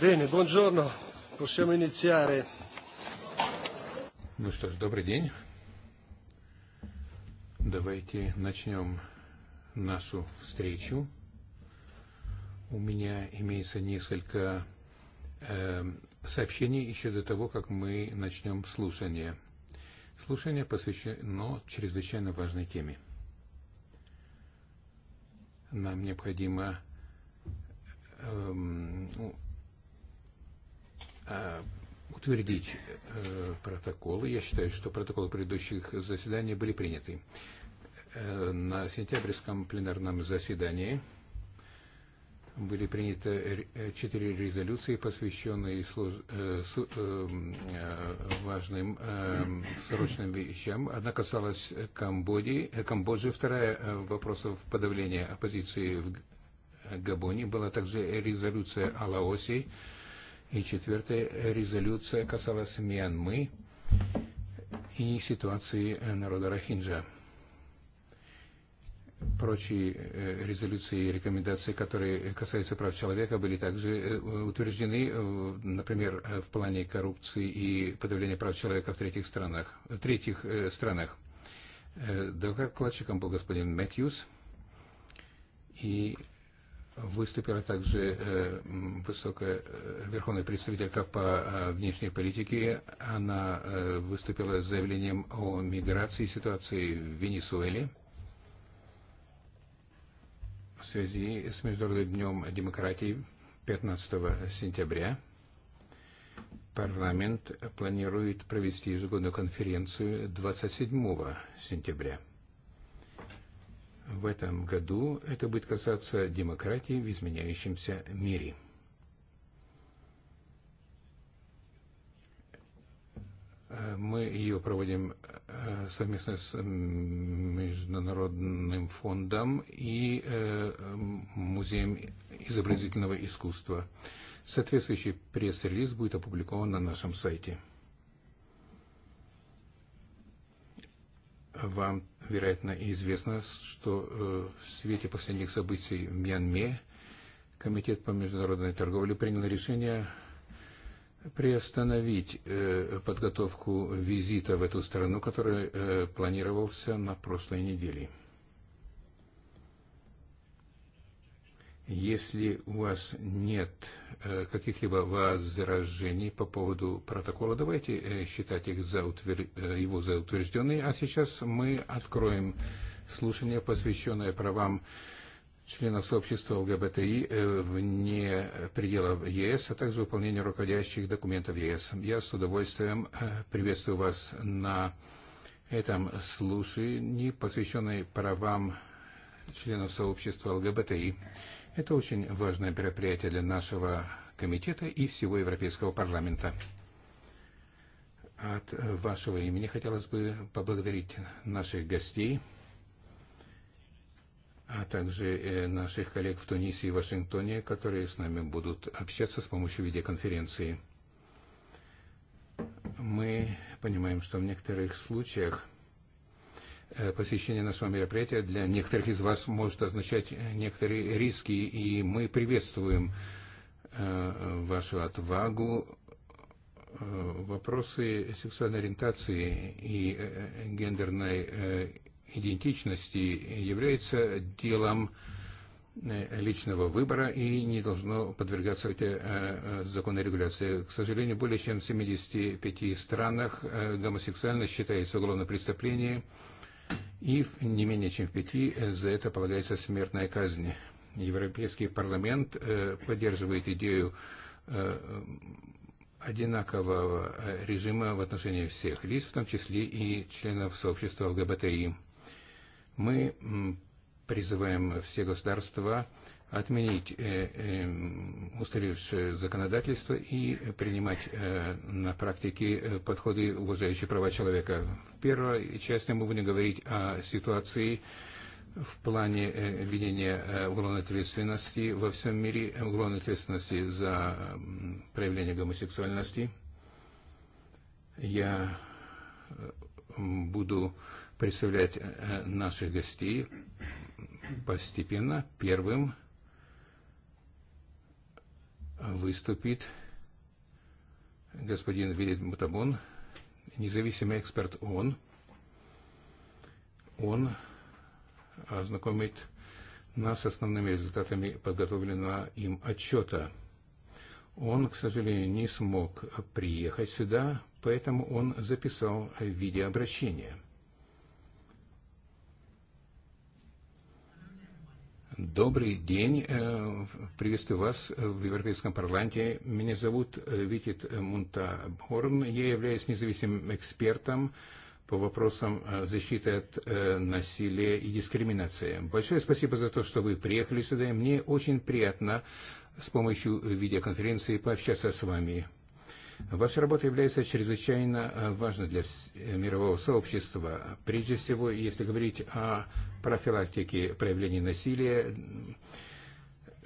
Bene, buongiorno, possiamo iniziare. Ну что ж, добрый день. Давайте начнем нашу встречу. У меня имеется несколько э, сообщений еще до того, как мы начнем слушание. Слушание посвящено чрезвычайно важной теме. Нам необходимо э, утвердить э, протоколы. Я считаю, что протоколы предыдущих заседаний были приняты. Э, на сентябрьском пленарном заседании были приняты э, четыре резолюции, посвященные служ... важным срочным вещам. Одна касалась Камбоди, Камбоджи, вторая вопросов подавления оппозиции в Габоне. Была также резолюция о Лаосе, И четвертая резолюция касалась Мьянмы и ситуации народа Рахинджа. Прочие э, резолюции и рекомендации, которые касаются прав человека, были также э, утверждены, э, например, в плане коррупции и подавления прав человека в третьих странах. В третьих странах. Докладчиком был господин Мэтьюс, и выступила также э, высокая э, верховная представителька по э, внешней политике. Она выступила с заявлением о миграции ситуации в Венесуэле в связи с Международным днем демократии 15 сентября. Парламент планирует провести ежегодную конференцию 27 сентября в этом году это будет касаться демократии в изменяющемся мире. Э, мы ее проводим э, совместно с Международным фондом и э, Музеем изобразительного искусства. Соответствующий пресс-релиз будет опубликован на нашем сайте. Вам, вероятно, известно, что э, в свете последних событий в Мьянме Комитет по международной торговле принял решение приостановить э, подготовку визита в эту страну, который э, планировался на прошлой неделе. Если у вас нет э, каких-либо возражений по поводу протокола, давайте э, считать их за утвер... Э, его за утвержденный. А сейчас мы откроем слушание, посвященное правам членов сообщества ЛГБТИ вне пределов ЕС, а также выполнению руководящих документов ЕС. Я с удовольствием приветствую вас на этом слушании, посвященной правам членов сообщества ЛГБТИ. Это очень важное мероприятие для нашего комитета и всего Европейского парламента. От вашего имени хотелось бы поблагодарить наших гостей, а также э, наших коллег в Тунисе и Вашингтоне, которые с нами будут общаться с помощью видеоконференции. Мы понимаем, что в некоторых случаях Э, посещение нашего мероприятия для некоторых из вас может означать э, некоторые риски, и мы приветствуем э, вашу отвагу. Вопросы сексуальной ориентации и гендерной идентичности являются делом личного выбора и не должно подвергаться законной регуляции. К сожалению, более чем в 75 странах гомосексуальность считается уголовным преступлением, и не менее чем в пяти за это полагается смертная казнь. Европейский парламент э, поддерживает идею э, одинакового э, режима в отношении всех лиц, в том числе и членов сообщества ЛГБТИ. Мы призываем все государства отменить э, устаревшее законодательство и принимать э, на практике э, подходы, уважающие права человека. В первой части мы будем говорить о ситуации в плане введения уголовной ответственности во всем мире, уголовной ответственности за проявление гомосексуальности. Я буду представлять наших гостей постепенно. Первым – выступит господин Велид Мутабон, независимый эксперт ООН. Он ознакомит нас с основными результатами подготовленного им отчета. Он, к сожалению, не смог приехать сюда, поэтому он записал видеообращение – Добрый день. Э, приветствую вас в Европейском парламенте. Меня зовут э, Витит Мунтаборн. Я являюсь независимым экспертом по вопросам э, защиты от насилия и дискриминации. Большое спасибо за то, что вы приехали сюда. И мне очень приятно с помощью видеоконференции пообщаться с вами. Ваша работа является чрезвычайно важной для мирового сообщества. Прежде всего, если говорить о профилактики проявлений насилия.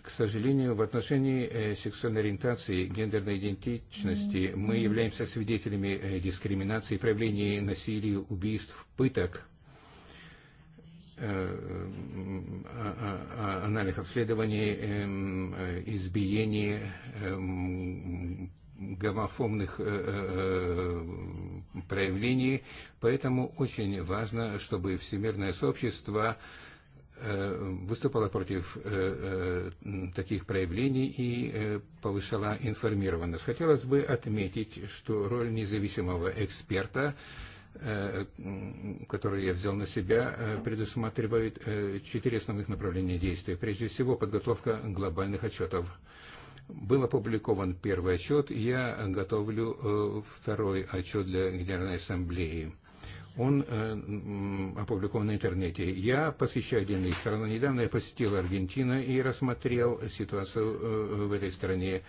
К сожалению, в отношении э, сексуальной ориентации, гендерной идентичности мы являемся свидетелями э, дискриминации, проявлений насилия, убийств, пыток, э, анальных обследований, избиений, гомофобных э, э, э, проявлений, поэтому очень важно, чтобы всемирное сообщество выступала против таких проявлений и повышала информированность. Хотелось бы отметить, что роль независимого эксперта, который я взял на себя, предусматривает четыре основных направления действия. Прежде всего, подготовка глобальных отчетов Был опубликован первый отчет, и я готовлю э, второй отчет для Генеральной Ассамблеи. Он э, опубликован на интернете. Я посещаю отдельные страны. Недавно я посетил Аргентину и рассмотрел ситуацию э, в этой стране.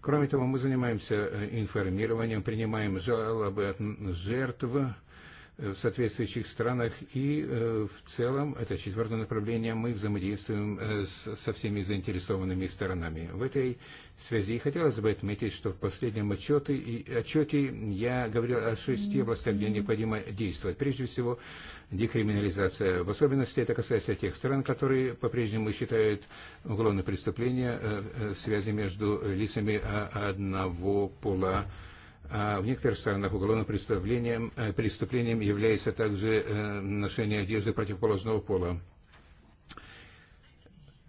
Кроме того, мы занимаемся э, информированием, принимаем жалобы от жертв, Э, в соответствующих странах. И э, в целом, это четвертое направление, мы взаимодействуем э, с, со всеми заинтересованными сторонами. В этой связи хотелось бы отметить, что в последнем отчете, отчете я говорил о шести областях, где необходимо действовать. Прежде всего, декриминализация. В особенности это касается тех стран, которые по-прежнему считают уголовное преступление связи между лицами одного пола. А в некоторых странах уголовным преступлением, э, преступлением является также э, ношение одежды противоположного пола.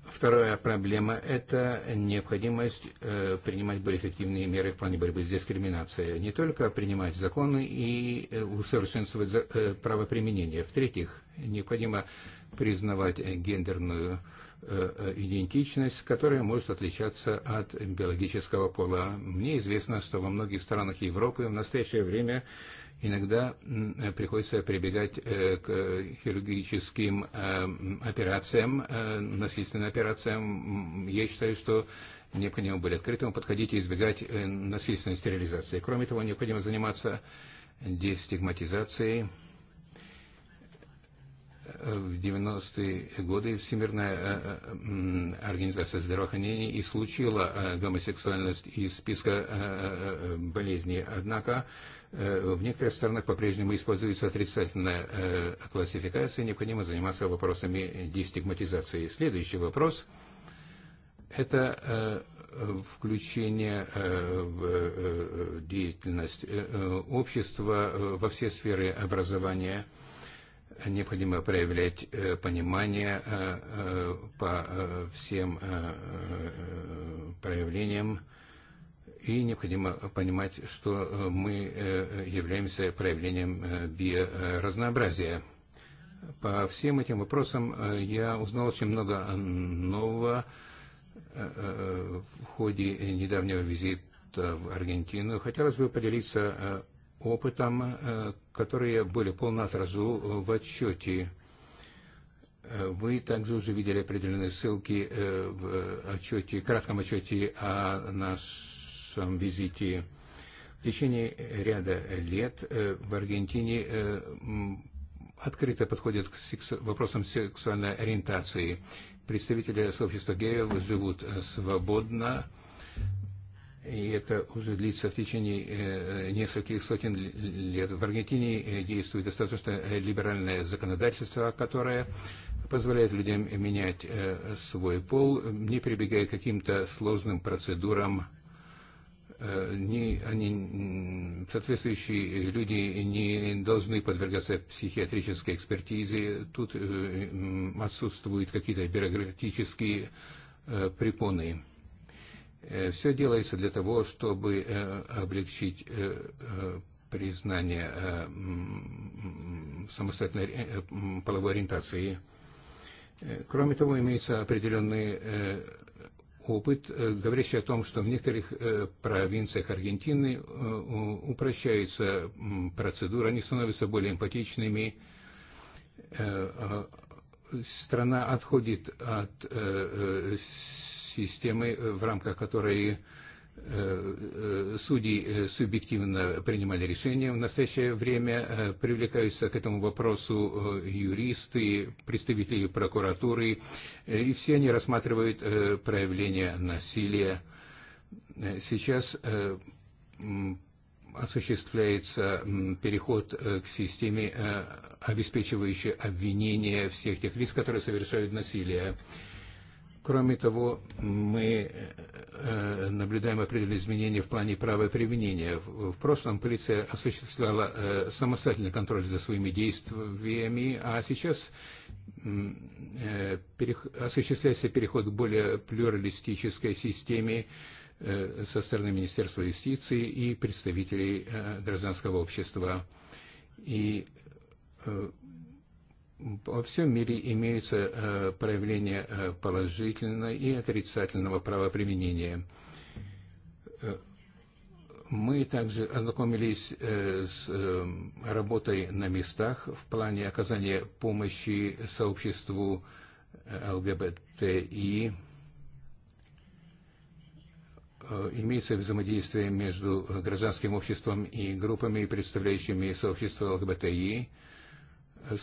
Вторая проблема – это необходимость э, принимать более эффективные меры в плане борьбы с дискриминацией. Не только принимать законы и усовершенствовать правоприменение. В-третьих, необходимо признавать гендерную Э, э, идентичность, которая может отличаться от биологического пола. Мне известно, что во многих странах Европы в настоящее время иногда э, приходится прибегать к хирургическим операциям, насильственным операциям. Я считаю, что необходимо быть открытым подходить и избегать насильственной стерилизации. Кроме того, необходимо заниматься дестигматизацией в 90-е годы Всемирная э, э, организация здравоохранения исключила э, гомосексуальность из списка болезней. Однако в некоторых странах по-прежнему используется отрицательная классификация, необходимо заниматься вопросами дестигматизации. Следующий вопрос – это включение в деятельность общества во все сферы образования – необходимо проявлять э, понимание э, э, по всем проявлениям и необходимо понимать, что мы являемся проявлением биоразнообразия. По всем этим вопросам я узнал очень много нового в ходе недавнего визита в Аргентину. Хотелось бы поделиться опытом, э, которые были полно отразу э, в отчете. Э, вы также уже видели определенные ссылки в отчете, кратком отчете о нашем визите. В течение ряда лет в Аргентине открыто подходят к вопросам сексуальной ориентации. Представители сообщества геев живут свободно, и это уже длится в течение э, нескольких сотен лет. В Аргентине э, действует достаточно э, либеральное законодательство, которое позволяет людям менять свой пол, не прибегая к каким-то сложным процедурам. Не, они, соответствующие люди не должны подвергаться психиатрической экспертизе. Тут отсутствуют какие-то бюрократические препоны Э, Все делается для того, чтобы э, облегчить э, признание самостоятельной половой ориентации. Кроме того, имеется определенный опыт, говорящий о том, что в некоторых провинциях Аргентины упрощается процедура, они становятся более эмпатичными, страна отходит от системы, э, в рамках которой э, э, судьи субъективно принимали решения. В настоящее время привлекаются к этому вопросу юристы, представители прокуратуры, и все они рассматривают проявление насилия. Сейчас осуществляется переход к системе, обеспечивающей обвинение всех тех лиц, которые совершают насилие. Кроме того, мы э, э, наблюдаем определенные изменения в плане права применения. В прошлом полиция осуществляла э, самостоятельный контроль за своими действиями, а сейчас осуществляется переход к более плюралистической системе со стороны Министерства юстиции и представителей гражданского общества. И во всем мире имеются э, проявления э, положительного и отрицательного правоприменения. Э, мы также ознакомились с работой на местах в плане оказания помощи сообществу ЛГБТИ. Имеется взаимодействие между гражданским обществом и группами, представляющими сообщество ЛГБТИ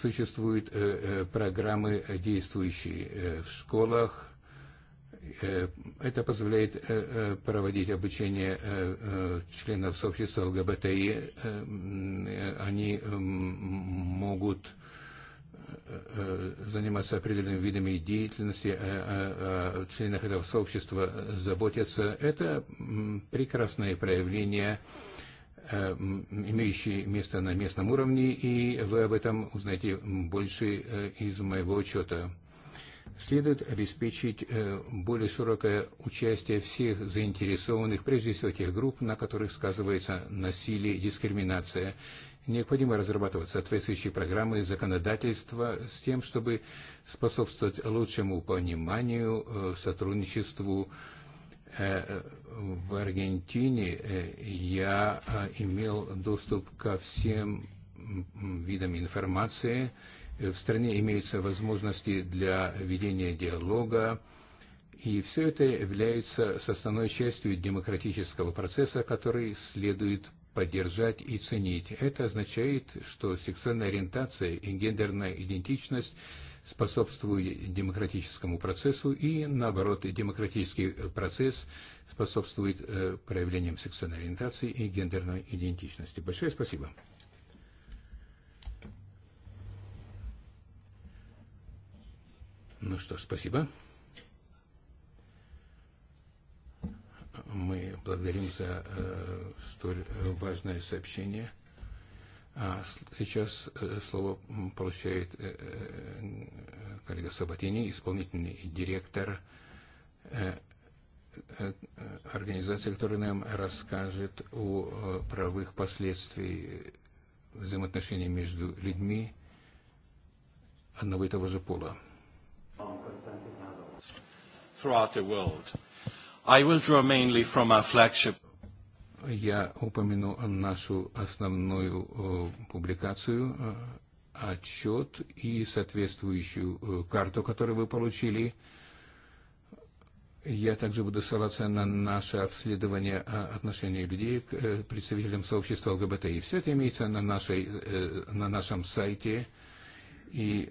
существуют э, э, программы, э, действующие в школах. Это позволяет проводить обучение членов сообщества ЛГБТИ. Они могут заниматься определенными видами деятельности, о членах этого сообщества заботятся. Это прекрасное проявление Э, имеющие место на местном уровне, и вы об этом узнаете больше э, из моего отчета. Следует обеспечить э, более широкое участие всех заинтересованных, прежде всего тех групп, на которых сказывается насилие и дискриминация. Необходимо разрабатывать соответствующие программы законодательства с тем, чтобы способствовать лучшему пониманию, сотрудничеству, в Аргентине э, я э, имел доступ ко всем видам информации. Э, в стране имеются возможности для ведения диалога, и все это является составной частью демократического процесса, который следует поддержать и ценить. Это означает, что сексуальная ориентация и гендерная идентичность – способствует демократическому процессу и, наоборот, демократический процесс способствует э, проявлениям сексуальной ориентации и гендерной идентичности. Большое спасибо. Ну что ж, спасибо. Мы благодарим за э, столь важное сообщение. А сейчас э, слово получает э, э, коллега Сабатини, исполнительный директор организации, которая нам расскажет о правовых последствиях взаимоотношений между людьми одного и того же пола. Throughout the world. I will draw mainly from our flagship я упомяну нашу основную э, публикацию, э, отчет и соответствующую э, карту, которую вы получили. Я также буду ссылаться на наше обследование отношений людей к представителям сообщества ЛГБТ. И все это имеется на, нашей, на нашем сайте. И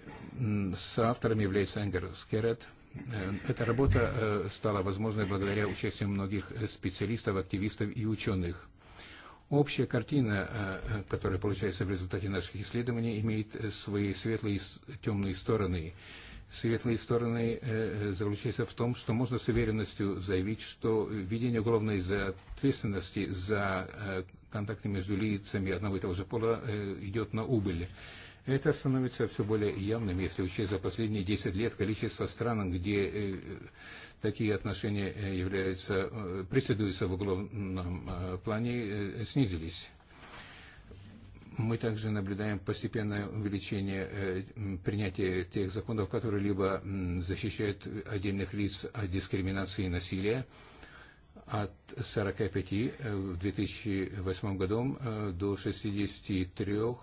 автором является Энгер Скерет – Э, эта работа э, стала возможной благодаря участию многих э, специалистов, активистов и ученых. Общая картина, которая получается в результате наших исследований, имеет свои светлые и темные стороны. Светлые стороны заключаются в том, что можно с уверенностью заявить, что введение уголовной ответственности за контакты между лицами одного и того же пола идет на убыль. Это становится все более явным, если учесть за последние 10 лет количество стран, где э, такие отношения э, являются, э, преследуются в уголовном плане, снизились. Мы также наблюдаем постепенное увеличение принятия тех законов, которые либо защищают отдельных лиц от дискриминации и насилия, от 45 э, в 2008 году э, до 63 э,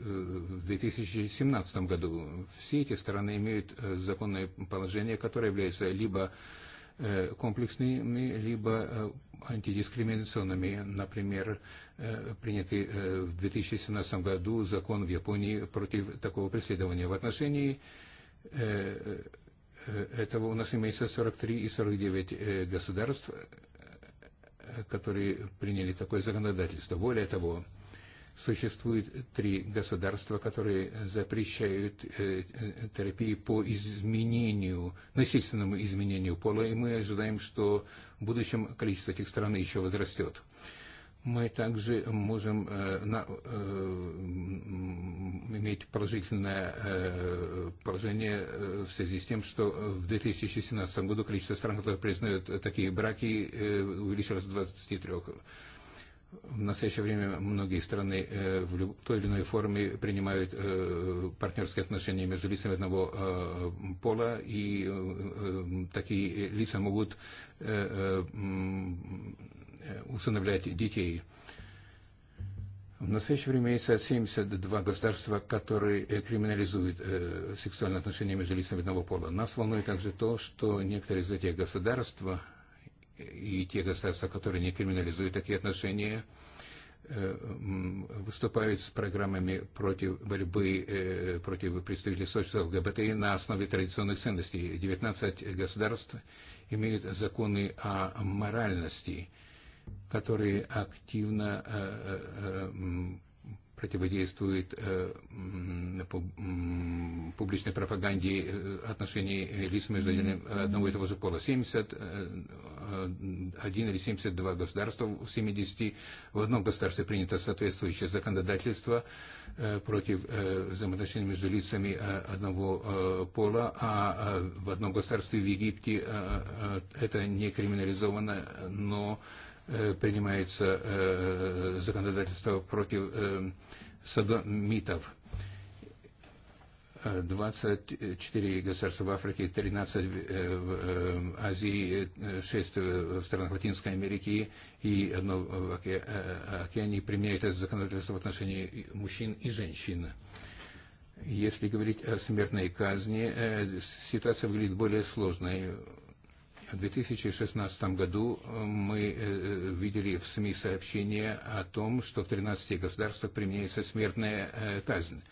в 2017 году. Все эти страны имеют законное положение, которое является либо комплексными, либо антидискриминационными. Например, принятый в 2017 году закон в Японии против такого преследования. В отношении этого у нас имеется 43 и 49 государств, которые приняли такое законодательство. Более того, существует три государства, которые запрещают э, э, терапии по изменению, насильственному изменению пола, и мы ожидаем, что в будущем количество этих стран еще возрастет. Мы также можем э, на, э, иметь положительное э, поражение э, в связи с тем, что в 2017 году количество стран, которые признают э, такие браки, э, увеличилось с 23. В настоящее время многие страны э, в, в той или иной форме принимают э, партнерские отношения между лицами одного э, пола, и э, э такие лица могут э, э, усыновлять детей. В настоящее время есть 72 государства, которые э, криминализуют э, сексуальные отношения между лицами одного пола. Нас волнует также то, что некоторые из этих государств э, и те государства, которые не криминализуют такие отношения, выступают с программами против борьбы против представителей сообщества ЛГБТ на основе традиционных ценностей. 19 государств имеют законы о моральности – которые активно э, э, э, противодействуют публичной пропаганде отношений лиц между одного и того же пола. 71 или 72 государства в 70 в одном государстве принято соответствующее законодательство против взаимоотношений между лицами одного пола, а в одном государстве в Египте это не криминализовано, но Э, принимается э, законодательство против э, садомитов. 24 государства в Африке, 13 в Азии, 6 в странах Латинской Америки и одно в океане применяют это законодательство в отношении мужчин и женщин. Если говорить о смертной казни, ситуация выглядит более сложной. В 2016 году э, мы э, э, видели в СМИ сообщение о том, что в 13 государствах применяется смертная казнь.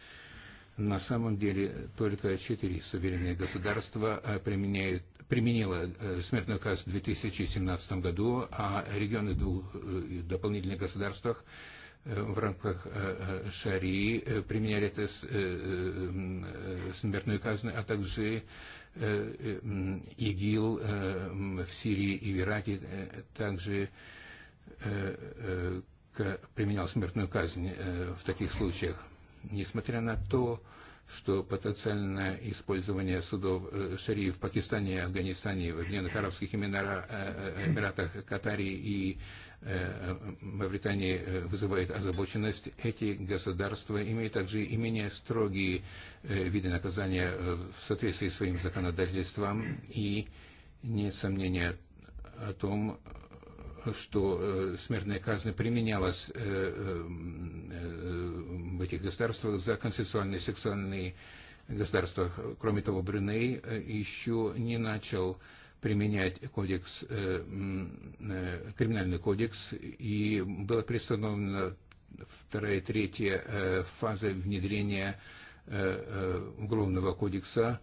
На самом деле только четыре суверенные государства применяют, применило смертную казнь в 2017 году, а регионы двух дополнительных государствах в рамках Шарии применяли смертную казнь, а также Э, э, ИГИЛ э, в Сирии и в Ираке также применял смертную казнь в таких случаях. Несмотря на то, что потенциальное использование судов Шарии в Пакистане, Афганистане, в Объединенных Арабских Эмиратах, Катарии и Э, э, Мавритании э, вызывает озабоченность. Эти государства имеют также и менее строгие виды наказания в соответствии с своим законодательством и нет сомнения о том, что смертная казнь применялась в этих государствах за консенсуальные сексуальные государства. Кроме того, Бриней еще не начал применять кодекс, э, э, криминальный кодекс, и была приостановлена вторая и третья э, фаза внедрения уголовного кодекса.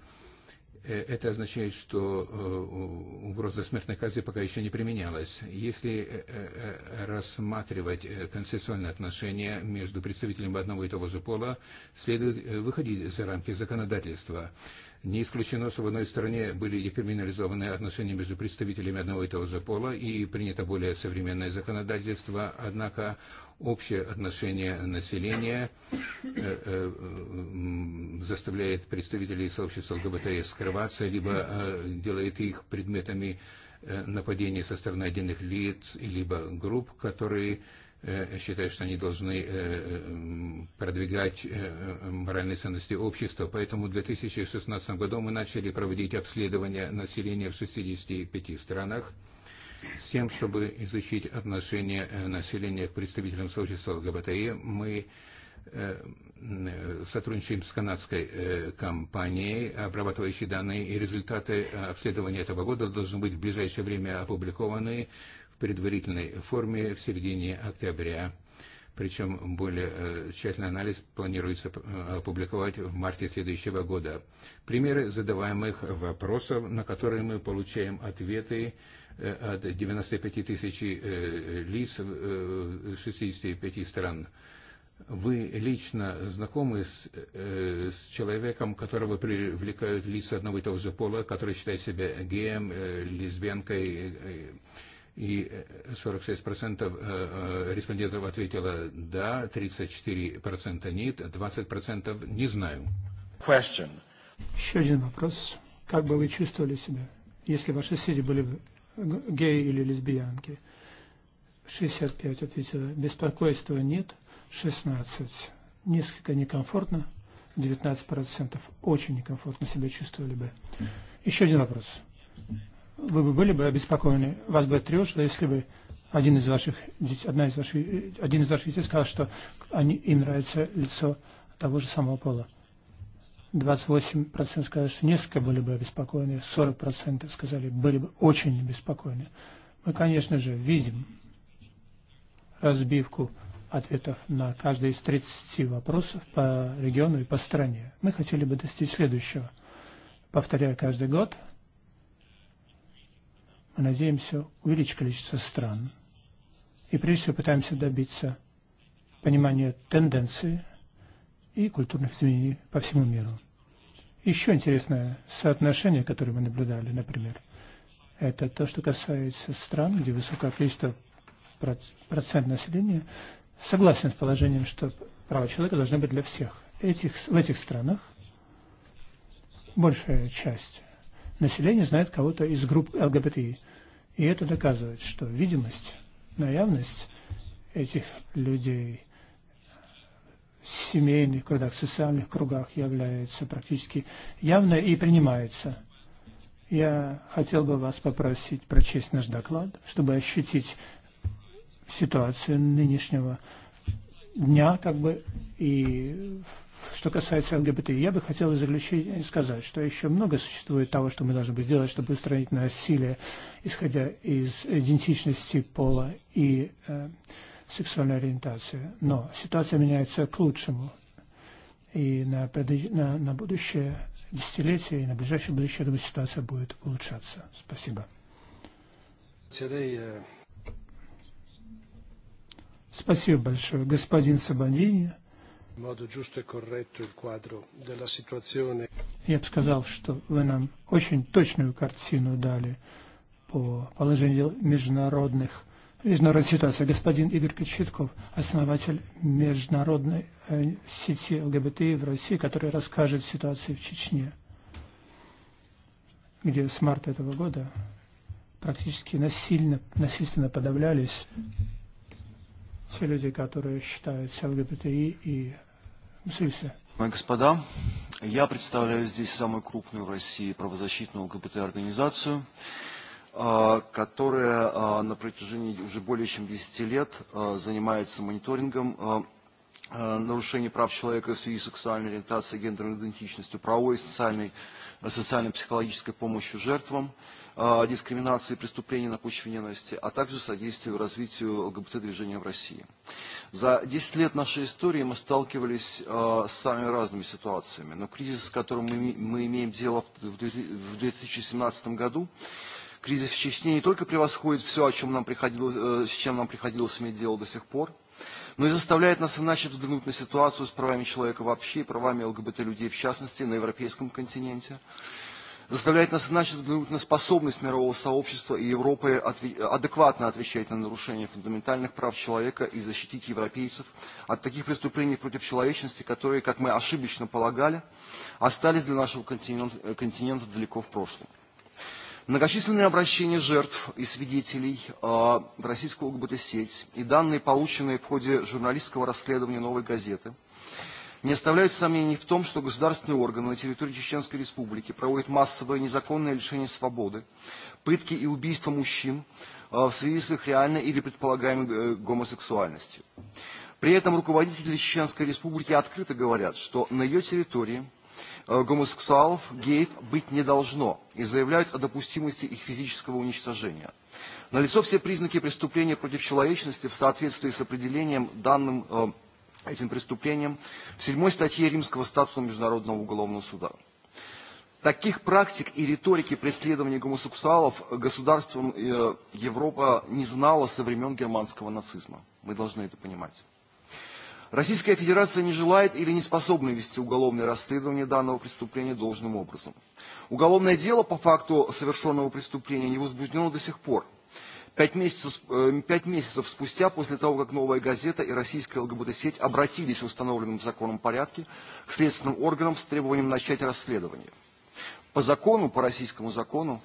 Это означает, что угроза смертной казни пока еще не применялась. Если рассматривать концессионные отношения между представителями одного и того же пола, следует выходить за рамки законодательства. Не исключено, что в одной стране были и криминализованы отношения между представителями одного и того же пола, и принято более современное законодательство, однако общее отношение населения э, э, заставляет представителей сообщества ЛГБТ скрываться, либо э, делает их предметами нападений со стороны отдельных лиц, либо групп, которые считает, что они должны э, э, продвигать э, моральные ценности общества. Поэтому в 2016 году мы начали проводить обследование населения в 65 странах с тем, чтобы изучить отношение населения к представителям сообщества ЛГБТИ. Мы сотрудничаем с канадской компанией, обрабатывающей данные, и результаты обследования этого года должны быть в ближайшее время опубликованы предварительной форме в середине октября. Причем более э, тщательный анализ планируется э, опубликовать в марте следующего года. Примеры задаваемых вопросов, на которые мы получаем ответы э, от 95 тысяч лиц 65 стран. Вы лично знакомы с, э, с человеком, которого привлекают лица одного и того же пола, который считает себя геем, э, лесбиянкой, э, и 46% э, э, э, респондентов ответило «да», 34% «нет», 20% «не знаю». Question. Еще один вопрос. Как бы вы чувствовали себя, если ваши соседи были бы геи или лесбиянки? 65 ответило «беспокойства нет», 16 несколько некомфортно, 19% очень некомфортно себя чувствовали бы. Еще один вопрос вы бы были бы обеспокоены, вас бы тревожило, если бы один из ваших, одна из ваших, один из ваших детей сказал, что они, им нравится лицо того же самого пола. 28% сказали, что несколько были бы обеспокоены, 40% сказали, были бы очень обеспокоены. Мы, конечно же, видим разбивку ответов на каждый из 30 вопросов по региону и по стране. Мы хотели бы достичь следующего. Повторяю каждый год, мы надеемся увеличить количество стран. И прежде всего пытаемся добиться понимания тенденции и культурных изменений по всему миру. Еще интересное соотношение, которое мы наблюдали, например, это то, что касается стран, где высокое количество процент населения согласен с положением, что права человека должны быть для всех. Этих, в этих странах большая часть население знает кого-то из групп ЛГБТИ. И это доказывает, что видимость, наявность этих людей в семейных кругах, в социальных кругах является практически явной и принимается. Я хотел бы вас попросить прочесть наш доклад, чтобы ощутить ситуацию нынешнего дня, как бы, и в Что касается ЛГБТ, я бы хотел заключить, сказать, что еще много существует того, что мы должны сделать, чтобы устранить насилие, исходя из идентичности пола и э, сексуальной ориентации. Но ситуация меняется к лучшему. И на, на, на будущее десятилетие и на ближайшее будущее, думаю, ситуация будет улучшаться. Спасибо. Спасибо большое, господин Сабандини in modo e corretto il quadro della situazione. Я бы сказал, что вы нам очень точную картину дали по положению международных международной ситуации. Господин Игорь Кочетков, основатель международной сети ЛГБТ в России, который расскажет ситуацию в Чечне, где с марта этого года практически насильно, насильственно подавлялись те люди, которые считаются ЛГБТИ и Мсюся. Господа, я представляю здесь самую крупную в России правозащитную ЛГБТ-организацию, которая на протяжении уже более чем 10 лет занимается мониторингом нарушений прав человека в связи с сексуальной ориентацией, гендерной идентичностью, правовой и социальной, социально-психологической помощью жертвам, дискриминации и преступлений на почве ненависти, а также содействию развитию ЛГБТ-движения в России. За 10 лет нашей истории мы сталкивались э, с самыми разными ситуациями, но кризис, с которым мы, мы имеем дело в 2017 году, кризис в Чечне не только превосходит все, о чем нам приходилось, э, с чем нам приходилось иметь дело до сих пор, но и заставляет нас иначе взглянуть на ситуацию с правами человека вообще и правами ЛГБТ-людей в частности на европейском континенте, заставляет нас иначе взглянуть на способность мирового сообщества и Европы адекватно отвечать на нарушения фундаментальных прав человека и защитить европейцев от таких преступлений против человечности, которые, как мы ошибочно полагали, остались для нашего континента, континента далеко в прошлом. Многочисленные обращения жертв и свидетелей э, в российскую ЛГБТ-сеть и данные, полученные в ходе журналистского расследования «Новой газеты», Не оставляют сомнений в том, что государственные органы на территории Чеченской Республики проводят массовое незаконное лишение свободы, пытки и убийства мужчин э, в связи с их реальной или предполагаемой э, гомосексуальностью. При этом руководители Чеченской Республики открыто говорят, что на ее территории э, гомосексуалов, геев быть не должно и заявляют о допустимости их физического уничтожения. Налицо все признаки преступления против человечности в соответствии с определением данным этим преступлением в седьмой статье Римского статута Международного уголовного суда. Таких практик и риторики преследования гомосексуалов государством э, Европа не знала со времен германского нацизма. Мы должны это понимать. Российская Федерация не желает или не способна вести уголовное расследование данного преступления должным образом. Уголовное дело по факту совершенного преступления не возбуждено до сих пор – Пять месяцев, э, пять месяцев спустя, после того, как «Новая газета» и российская ЛГБТ-сеть обратились в установленном законом порядке к следственным органам с требованием начать расследование. По закону, по российскому закону,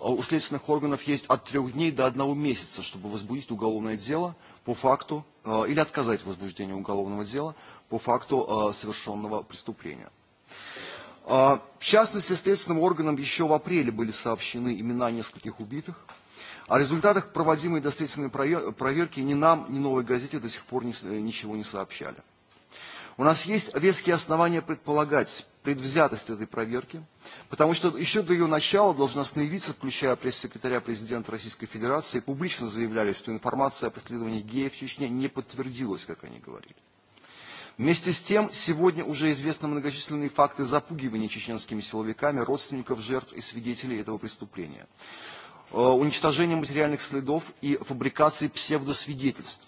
э, у следственных органов есть от трех дней до одного месяца, чтобы возбудить уголовное дело по факту э, или отказать возбуждение уголовного дела по факту э, совершенного преступления. Э, в частности, следственным органам еще в апреле были сообщены имена нескольких убитых – О результатах проводимой доследственной проверки ни нам, ни новой газете до сих пор э, ничего не сообщали. У нас есть веские основания предполагать предвзятость этой проверки, потому что еще до ее начала должностные лица, включая пресс-секретаря президента Российской Федерации, публично заявляли, что информация о преследовании геев в Чечне не подтвердилась, как они говорили. Вместе с тем, сегодня уже известны многочисленные факты запугивания чеченскими силовиками родственников жертв и свидетелей этого преступления. Э, уничтожение материальных следов и фабрикации псевдосвидетельств.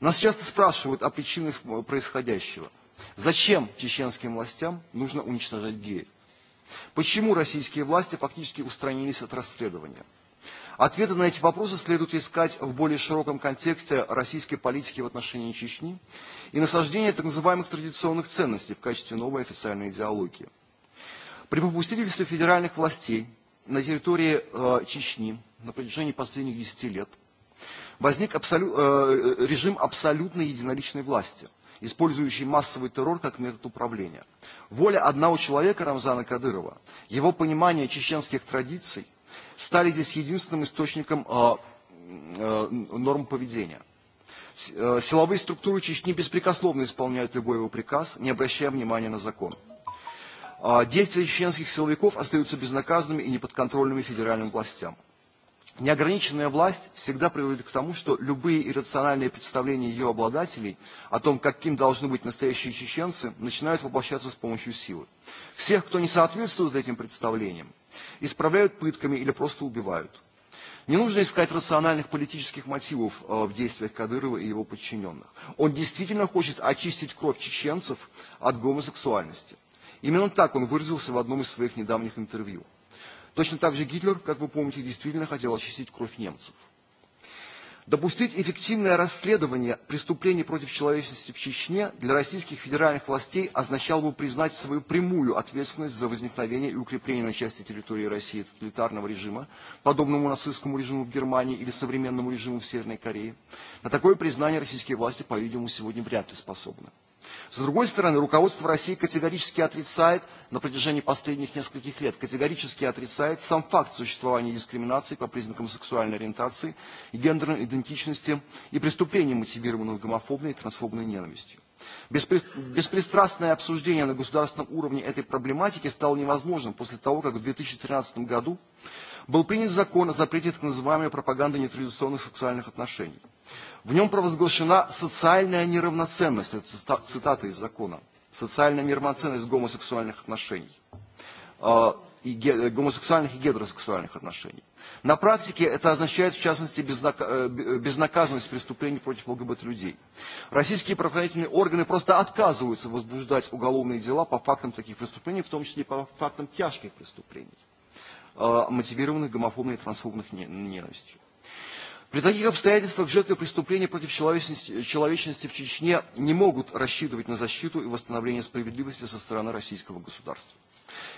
Нас часто спрашивают о причинах э, происходящего. Зачем чеченским властям нужно уничтожать геев? Почему российские власти фактически устранились от расследования? Ответы на эти вопросы следует искать в более широком контексте российской политики в отношении Чечни и насаждения так называемых традиционных ценностей в качестве новой официальной идеологии. При попустительстве федеральных властей на территории э, Чечни на протяжении последних 10 лет возник абсолю, э, э, режим абсолютной единоличной власти, использующий массовый террор как метод управления. Воля одного человека, Рамзана Кадырова, его понимание чеченских традиций стали здесь единственным источником э, э, норм поведения. Э, силовые структуры Чечни беспрекословно исполняют любой его приказ, не обращая внимания на закон действия чеченских силовиков остаются безнаказанными и неподконтрольными федеральным властям. Неограниченная власть всегда приводит к тому, что любые иррациональные представления ее обладателей о том, каким должны быть настоящие чеченцы, начинают воплощаться с помощью силы. Всех, кто не соответствует этим представлениям, исправляют пытками или просто убивают. Не нужно искать рациональных политических мотивов э, в действиях Кадырова и его подчиненных. Он действительно хочет очистить кровь чеченцев от гомосексуальности. Именно так он выразился в одном из своих недавних интервью. Точно так же Гитлер, как вы помните, действительно хотел очистить кровь немцев. Допустить эффективное расследование преступлений против человечности в Чечне для российских федеральных властей означало бы признать свою прямую ответственность за возникновение и укрепление на части территории России тоталитарного режима, подобному нацистскому режиму в Германии или современному режиму в Северной Корее. На такое признание российские власти, по-видимому, сегодня вряд ли способны. С другой стороны, руководство России категорически отрицает на протяжении последних нескольких лет, категорически отрицает сам факт существования дискриминации по признакам сексуальной ориентации и гендерной идентичности и преступлений, мотивированных гомофобной и трансфобной ненавистью. Беспристрастное обсуждение на государственном уровне этой проблематики стало невозможным после того, как в 2013 году был принят закон о запрете так называемой пропаганды нетрадиционных сексуальных отношений. В нем провозглашена социальная неравноценность, это цитата из закона, социальная неравноценность гомосексуальных отношений, и э, гомосексуальных и гетеросексуальных отношений. На практике это означает, в частности, э, э, безнаказанность преступлений против ЛГБТ людей. Российские правоохранительные органы просто отказываются возбуждать уголовные дела по фактам таких преступлений, в том числе по фактам тяжких преступлений, мотивированных гомофобной и трансфобной ненавистью. При таких обстоятельствах жертвы преступления против человечности, человечности в Чечне не могут рассчитывать на защиту и восстановление справедливости со стороны российского государства.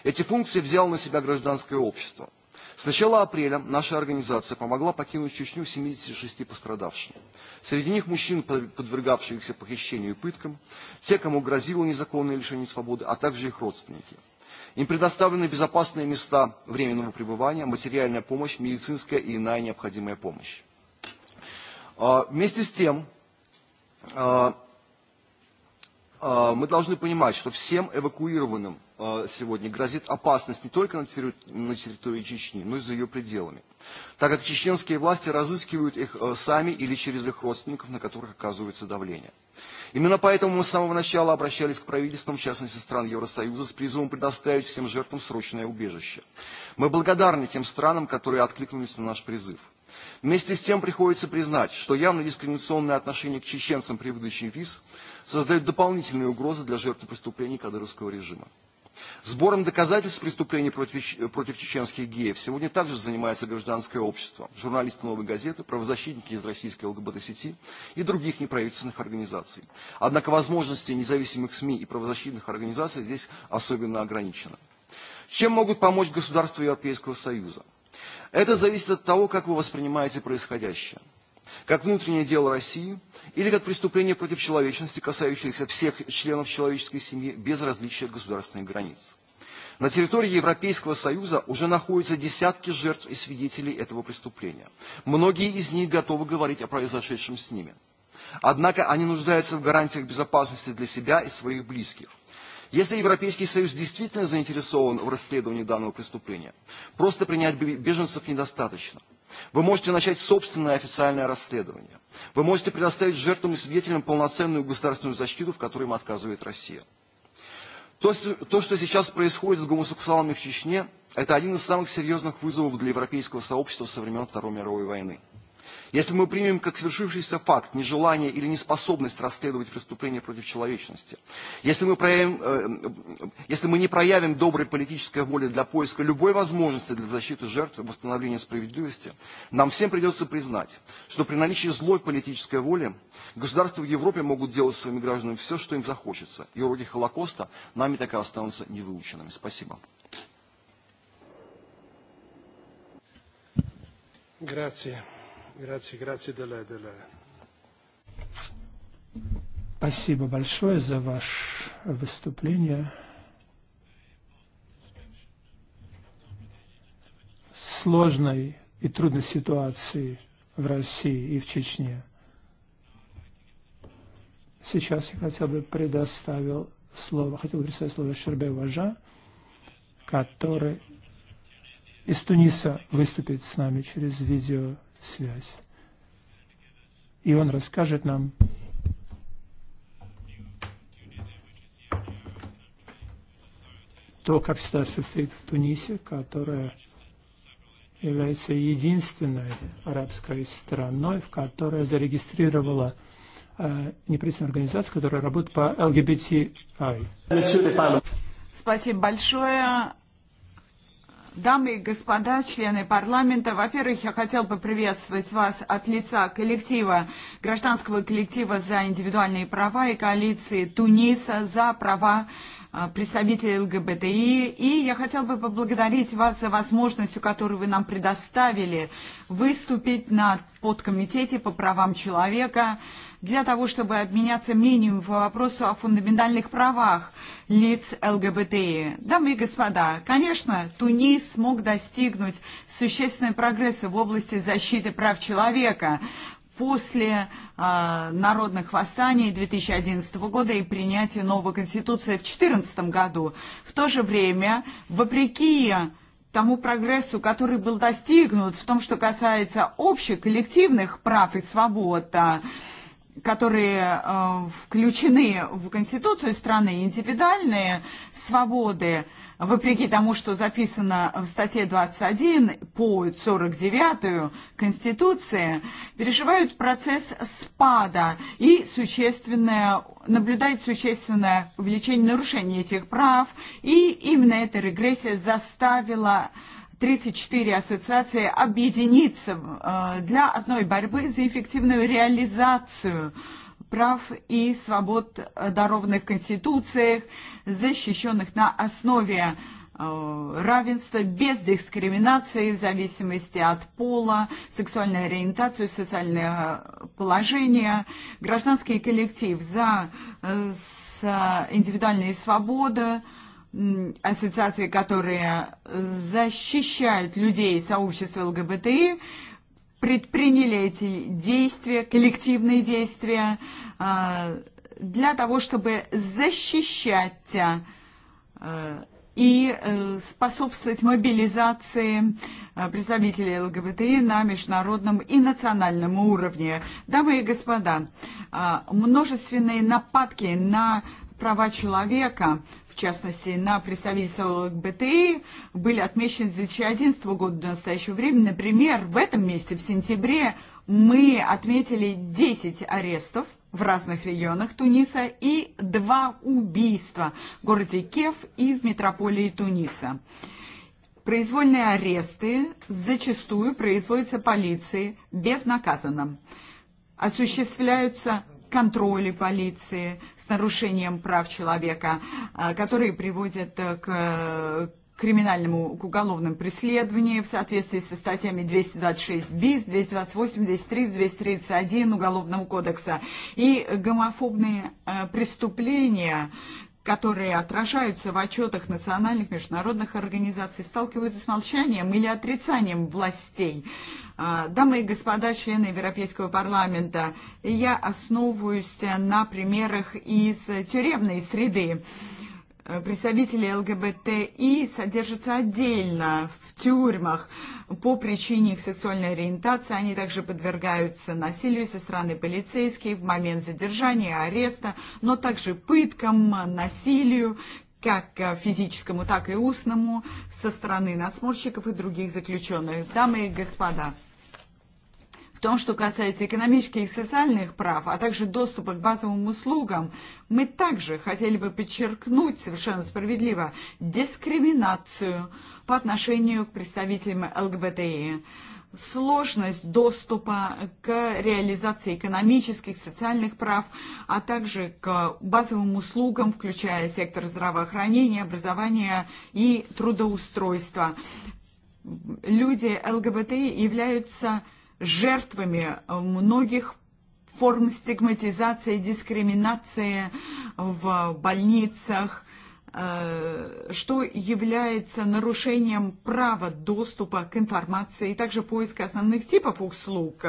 Эти функции взял на себя гражданское общество. С начала апреля наша организация помогла покинуть Чечню 76 пострадавшим. Среди них мужчин, подвергавшихся похищению и пыткам, те, кому грозило незаконное лишение свободы, а также их родственники. Им предоставлены безопасные места временного пребывания, материальная помощь, медицинская и иная необходимая помощь. Вместе с тем, мы должны понимать, что всем эвакуированным сегодня грозит опасность не только на территории Чечни, но и за ее пределами, так как чеченские власти разыскивают их сами или через их родственников, на которых оказывается давление. Именно поэтому мы с самого начала обращались к правительствам, в частности стран Евросоюза, с призывом предоставить всем жертвам срочное убежище. Мы благодарны тем странам, которые откликнулись на наш призыв. Вместе с тем приходится признать, что явно дискриминационное отношение к чеченцам при выдаче виз создает дополнительные угрозы для жертв преступлений кадыровского режима. Сбором доказательств преступлений против, против чеченских геев сегодня также занимается гражданское общество, журналисты «Новой газеты», правозащитники из российской ЛГБТ-сети и других неправительственных организаций. Однако возможности независимых СМИ и правозащитных организаций здесь особенно ограничены. Чем могут помочь государства Европейского Союза? Это зависит от того, как вы воспринимаете происходящее. Как внутреннее дело России или как преступление против человечности, касающееся всех членов человеческой семьи без различия государственных границ. На территории Европейского Союза уже находятся десятки жертв и свидетелей этого преступления. Многие из них готовы говорить о произошедшем с ними. Однако они нуждаются в гарантиях безопасности для себя и своих близких. Если Европейский Союз действительно заинтересован в расследовании данного преступления, просто принять беженцев недостаточно. Вы можете начать собственное официальное расследование. Вы можете предоставить жертвам и свидетелям полноценную государственную защиту, в которой им отказывает Россия. То, то, что сейчас происходит с гомосексуалами в Чечне, это один из самых серьезных вызовов для европейского сообщества со времен Второй мировой войны. Если мы примем как совершившийся факт нежелание или неспособность расследовать преступления против человечности, если мы, проявим, э, э, если мы не проявим доброй политической воли для поиска любой возможности для защиты жертв и восстановления справедливости, нам всем придется признать, что при наличии злой политической воли государства в Европе могут делать своими гражданами все, что им захочется, и уроки Холокоста нами так и останутся невыученными. Спасибо. Grazie. Grazie, grazie Спасибо большое за ваше выступление. Сложной и трудной ситуации в России и в Чечне. Сейчас я хотел бы предоставил слово, хотел бы представить слово Шербе Важа, который из Туниса выступит с нами через видео связь. И он расскажет нам то ситуация состоит в Тунисе, которая является единственной арабской страной, в которой зарегистрировала э, непредставленная организация, которая работает по ЛГБТИ. Спасибо большое. Дамы и господа, члены парламента, во-первых, я хотел бы приветствовать вас от лица коллектива, гражданского коллектива за индивидуальные права и коалиции Туниса за права представителей ЛГБТИ. И я хотел бы поблагодарить вас за возможность, которую вы нам предоставили, выступить на подкомитете по правам человека, для того, чтобы обменяться мнением по вопросу о фундаментальных правах лиц ЛГБТИ. Дамы и господа, конечно, Тунис смог достигнуть существенного прогресса в области защиты прав человека после э, народных восстаний 2011 года и принятия новой конституции в 2014 году. В то же время, вопреки тому прогрессу, который был достигнут в том, что касается общих коллективных прав и свобод, э, которые э, включены в Конституцию страны, индивидуальные свободы, вопреки тому, что записано в статье 21 по 49 Конституции, переживают процесс спада и существенное, наблюдает существенное увеличение нарушения этих прав, и именно эта регрессия заставила 34 ассоциации объединиться э, для одной борьбы за эффективную реализацию прав и свобод, э, дарованных конституциях, защищенных на основе э, равенства без дискриминации в зависимости от пола, сексуальной ориентации, социального положения, гражданский коллектив за индивидуальные свободы, ассоциации, которые защищают людей сообщества ЛГБТИ, предприняли эти действия, коллективные действия, для того, чтобы защищать и э, способствовать мобилизации представителей ЛГБТИ на международном и национальном уровне. Дамы и господа, множественные нападки на права человека в частности, на представительство ЛГБТИ, были отмечены с 2011 года до настоящего времени. Например, в этом месте, в сентябре, мы отметили 10 арестов в разных регионах Туниса и два убийства в городе Кев и в метрополии Туниса. Произвольные аресты зачастую производятся полицией безнаказанно. Осуществляются контроли полиции, с нарушением прав человека, которые приводят к криминальному, к уголовным преследованиям в соответствии со статьями 226 БИС, 228, 230, 231 Уголовного кодекса. И гомофобные э, преступления, которые отражаются в отчетах национальных международных организаций, сталкиваются с молчанием или отрицанием властей. Дамы и господа, члены Европейского парламента, я основываюсь на примерах из тюремной среды представители ЛГБТИ содержатся отдельно в тюрьмах по причине их сексуальной ориентации. Они также подвергаются насилию со стороны полицейских в момент задержания, ареста, но также пыткам, насилию, как физическому, так и устному, со стороны насморщиков и других заключенных. Дамы и господа, том, что касается экономических и социальных прав, а также доступа к базовым услугам, мы также хотели бы подчеркнуть совершенно справедливо дискриминацию по отношению к представителям ЛГБТИ сложность доступа к реализации экономических, социальных прав, а также к базовым услугам, включая сектор здравоохранения, образования и трудоустройства. Люди ЛГБТИ являются жертвами э, многих форм стигматизации, дискриминации в больницах, э, что является нарушением права доступа к информации и также поиска основных типов услуг.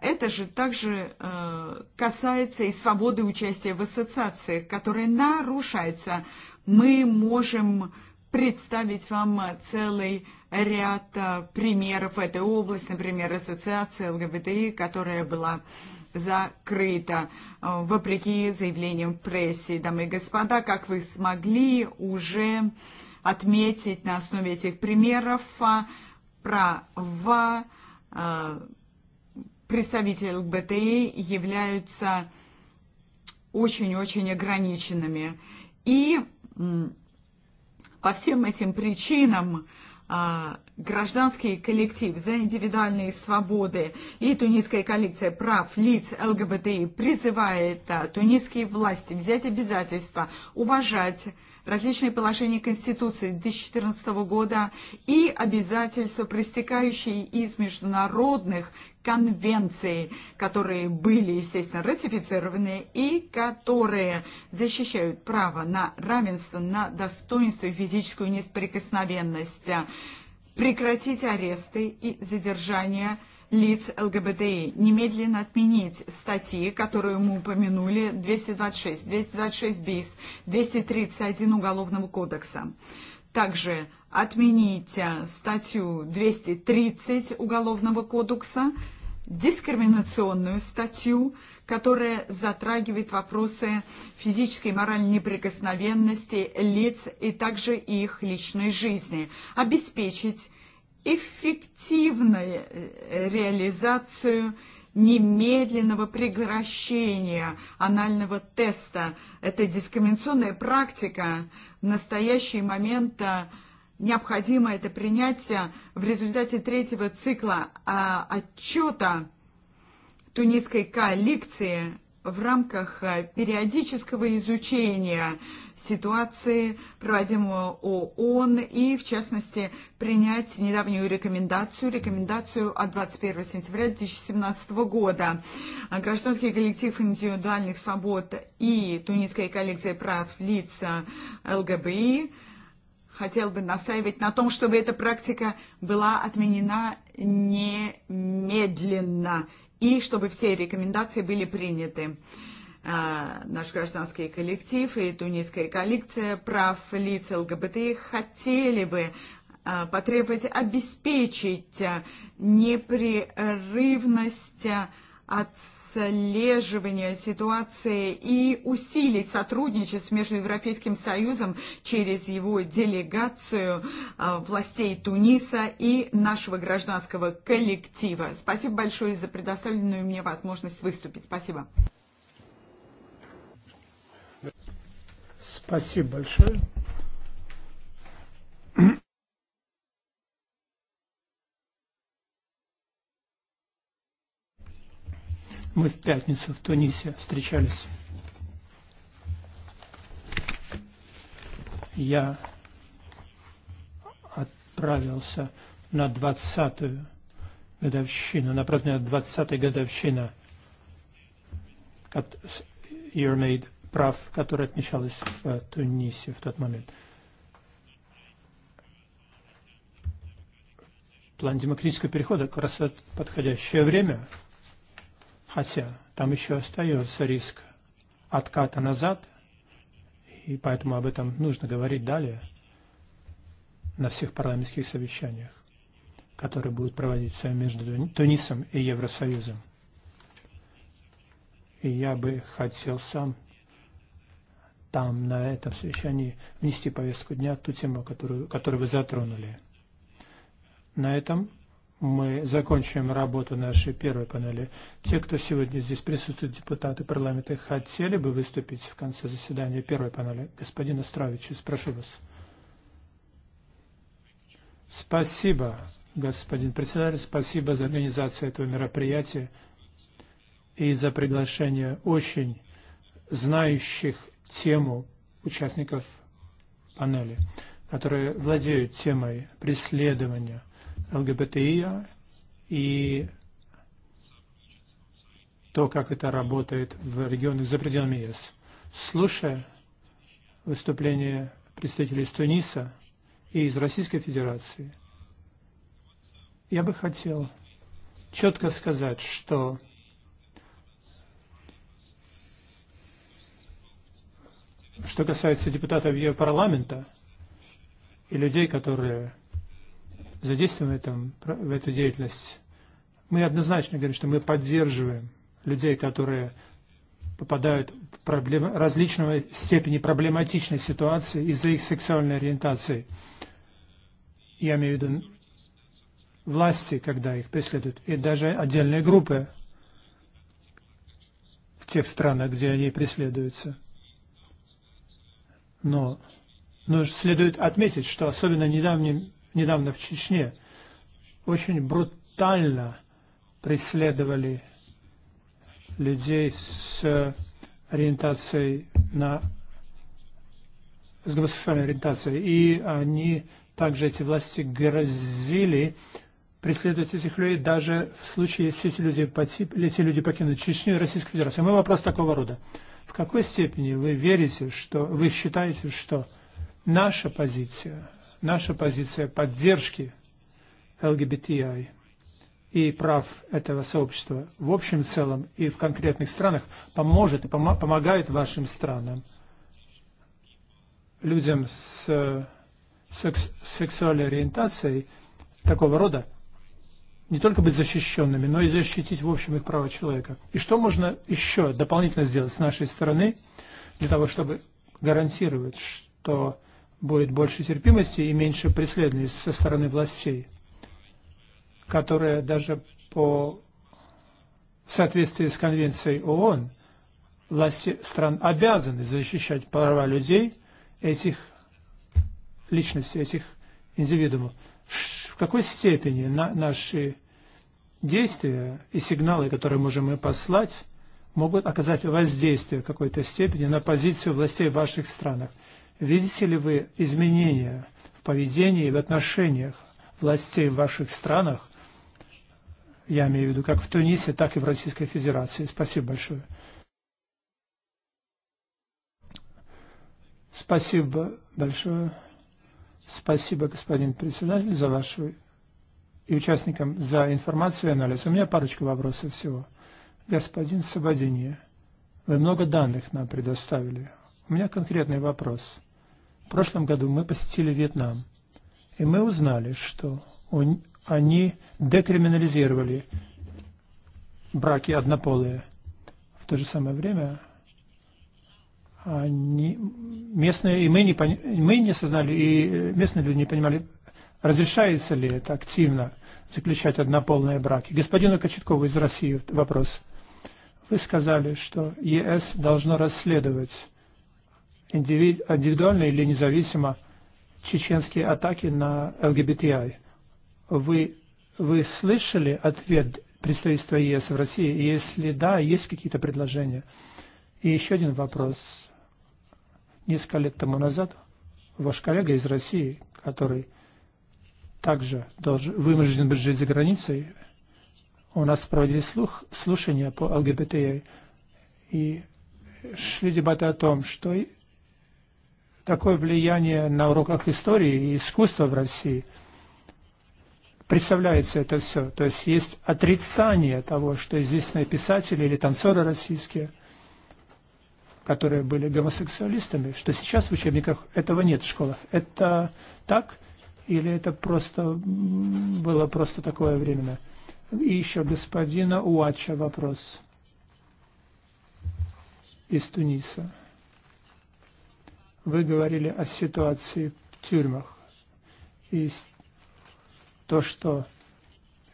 Это же также э, касается и свободы участия в ассоциациях, которая нарушается. Мы можем представить вам целый ряд э, примеров этой области, например, ассоциация ЛГБТИ, которая была закрыта, э, вопреки заявлениям прессии. Дамы и господа, как вы смогли уже отметить на основе этих примеров э, права представителей ЛГБТИ являются очень-очень ограниченными. И по всем этим причинам гражданские коллектив за индивидуальные свободы и Тунисская коалиция прав лиц ЛГБТИ призывает тунисские власти взять обязательства уважать различные положения Конституции 2014 года и обязательства, проистекающие из международных конвенции, которые были, естественно, ратифицированы и которые защищают право на равенство, на достоинство и физическую несприкосновенность, прекратить аресты и задержание лиц ЛГБТИ, немедленно отменить статьи, которые мы упомянули, 226, 226 БИС, 231 Уголовного кодекса. Также отменить э, статью 230 Уголовного кодекса, дискриминационную статью, которая затрагивает вопросы физической и моральной неприкосновенности лиц и также их личной жизни, обеспечить эффективную э, реализацию немедленного прекращения анального теста. Это дискриминационная практика в настоящий момент – необходимо это принять в результате третьего цикла отчета тунисской коалиции в рамках э, периодического изучения ситуации, проводимого ООН, и, в частности, принять недавнюю рекомендацию, рекомендацию от 21 сентября 2017 года. Гражданский коллектив индивидуальных свобод и Тунисская коллекция прав лиц э, ЛГБИ – хотел бы настаивать на том, чтобы эта практика была отменена немедленно и чтобы все рекомендации были приняты. Наш гражданский коллектив и тунисская коллекция прав лиц ЛГБТ хотели бы потребовать обеспечить непрерывность от отслеживания ситуации и усилий сотрудничества между Европейским Союзом через его делегацию властей Туниса и нашего гражданского коллектива. Спасибо большое за предоставленную мне возможность выступить. Спасибо. Спасибо большое. Мы в пятницу в Тунисе встречались. Я отправился на 20-ю годовщину, на празднование 20-й годовщины от Euromade прав, которая отмечалась в Тунисе в тот момент. План демократического перехода как раз подходящее время – хотя там еще остается риск отката назад, и поэтому об этом нужно говорить далее на всех парламентских совещаниях, которые будут проводиться между Тунисом и Евросоюзом. И я бы хотел сам там, на этом совещании, внести повестку дня ту тему, которую, которую вы затронули. На этом мы закончим работу нашей первой панели. Те, кто сегодня здесь присутствует, депутаты парламента, хотели бы выступить в конце заседания первой панели? Господин Острович, спрошу вас. Спасибо, господин председатель, спасибо за организацию этого мероприятия и за приглашение очень знающих тему участников панели, которые владеют темой преследования – ЛГБТИ и то, как это работает в регионах за пределами ЕС. Слушая выступление представителей из Туниса и из Российской Федерации, я бы хотел четко сказать, что что касается депутатов Европарламента и людей, которые задействованы в, этом, в эту деятельность. Мы однозначно говорим, что мы поддерживаем людей, которые попадают в проблем, различного степени проблематичной ситуации из-за их сексуальной ориентации. Я имею в виду власти, когда их преследуют, и даже отдельные группы в тех странах, где они преследуются. Но, но следует отметить, что особенно недавним недавно в Чечне, очень брутально преследовали людей с ориентацией на с гомосексуальной ориентацией. И они также, эти власти, грозили преследовать этих людей даже в случае, если эти люди, эти люди покинут Чечню и Российскую Федерацию. Мой вопрос такого рода. В какой степени вы верите, что вы считаете, что наша позиция, наша позиция поддержки ЛГБТИ и прав этого сообщества в общем целом и в конкретных странах поможет и пом помогает вашим странам, людям с секс сексуальной ориентацией такого рода, не только быть защищенными, но и защитить в общем их права человека. И что можно еще дополнительно сделать с нашей стороны для того, чтобы гарантировать, что будет больше терпимости и меньше преследований со стороны властей, которые даже по в соответствии с Конвенцией ООН власти стран обязаны защищать права людей, этих личностей, этих индивидуумов. В какой степени на наши действия и сигналы, которые можем мы послать, могут оказать воздействие в какой-то степени на позицию властей в ваших странах? Видите ли вы изменения в поведении и в отношениях властей в ваших странах? Я имею в виду как в Тунисе, так и в Российской Федерации. Спасибо большое. Спасибо большое. Спасибо, господин председатель, за вашу и участникам за информацию и анализ. У меня парочка вопросов всего. Господин Сабадинье, вы много данных нам предоставили. У меня конкретный вопрос. В прошлом году мы посетили Вьетнам, и мы узнали, что они декриминализировали браки однополые. В то же самое время они, местные, и мы не, пони, мы не осознали, и местные люди не понимали, разрешается ли это активно заключать однополные браки. Господину Кочеткову из России вопрос. Вы сказали, что ЕС должно расследовать индивидуальные или независимо чеченские атаки на ЛГБТИ. Вы, вы слышали ответ представительства ЕС в России? Если да, есть какие-то предложения? И еще один вопрос. Несколько лет тому назад ваш коллега из России, который также должен, вынужден быть жить за границей, у нас проводили слух, слушания по ЛГБТИ, и шли дебаты о том, что такое влияние на уроках истории и искусства в России. Представляется это все. То есть есть отрицание того, что известные писатели или танцоры российские, которые были гомосексуалистами, что сейчас в учебниках этого нет в школах. Это так или это просто было просто такое временно? И еще господина Уача вопрос из Туниса. Вы говорили о ситуации в тюрьмах и то, что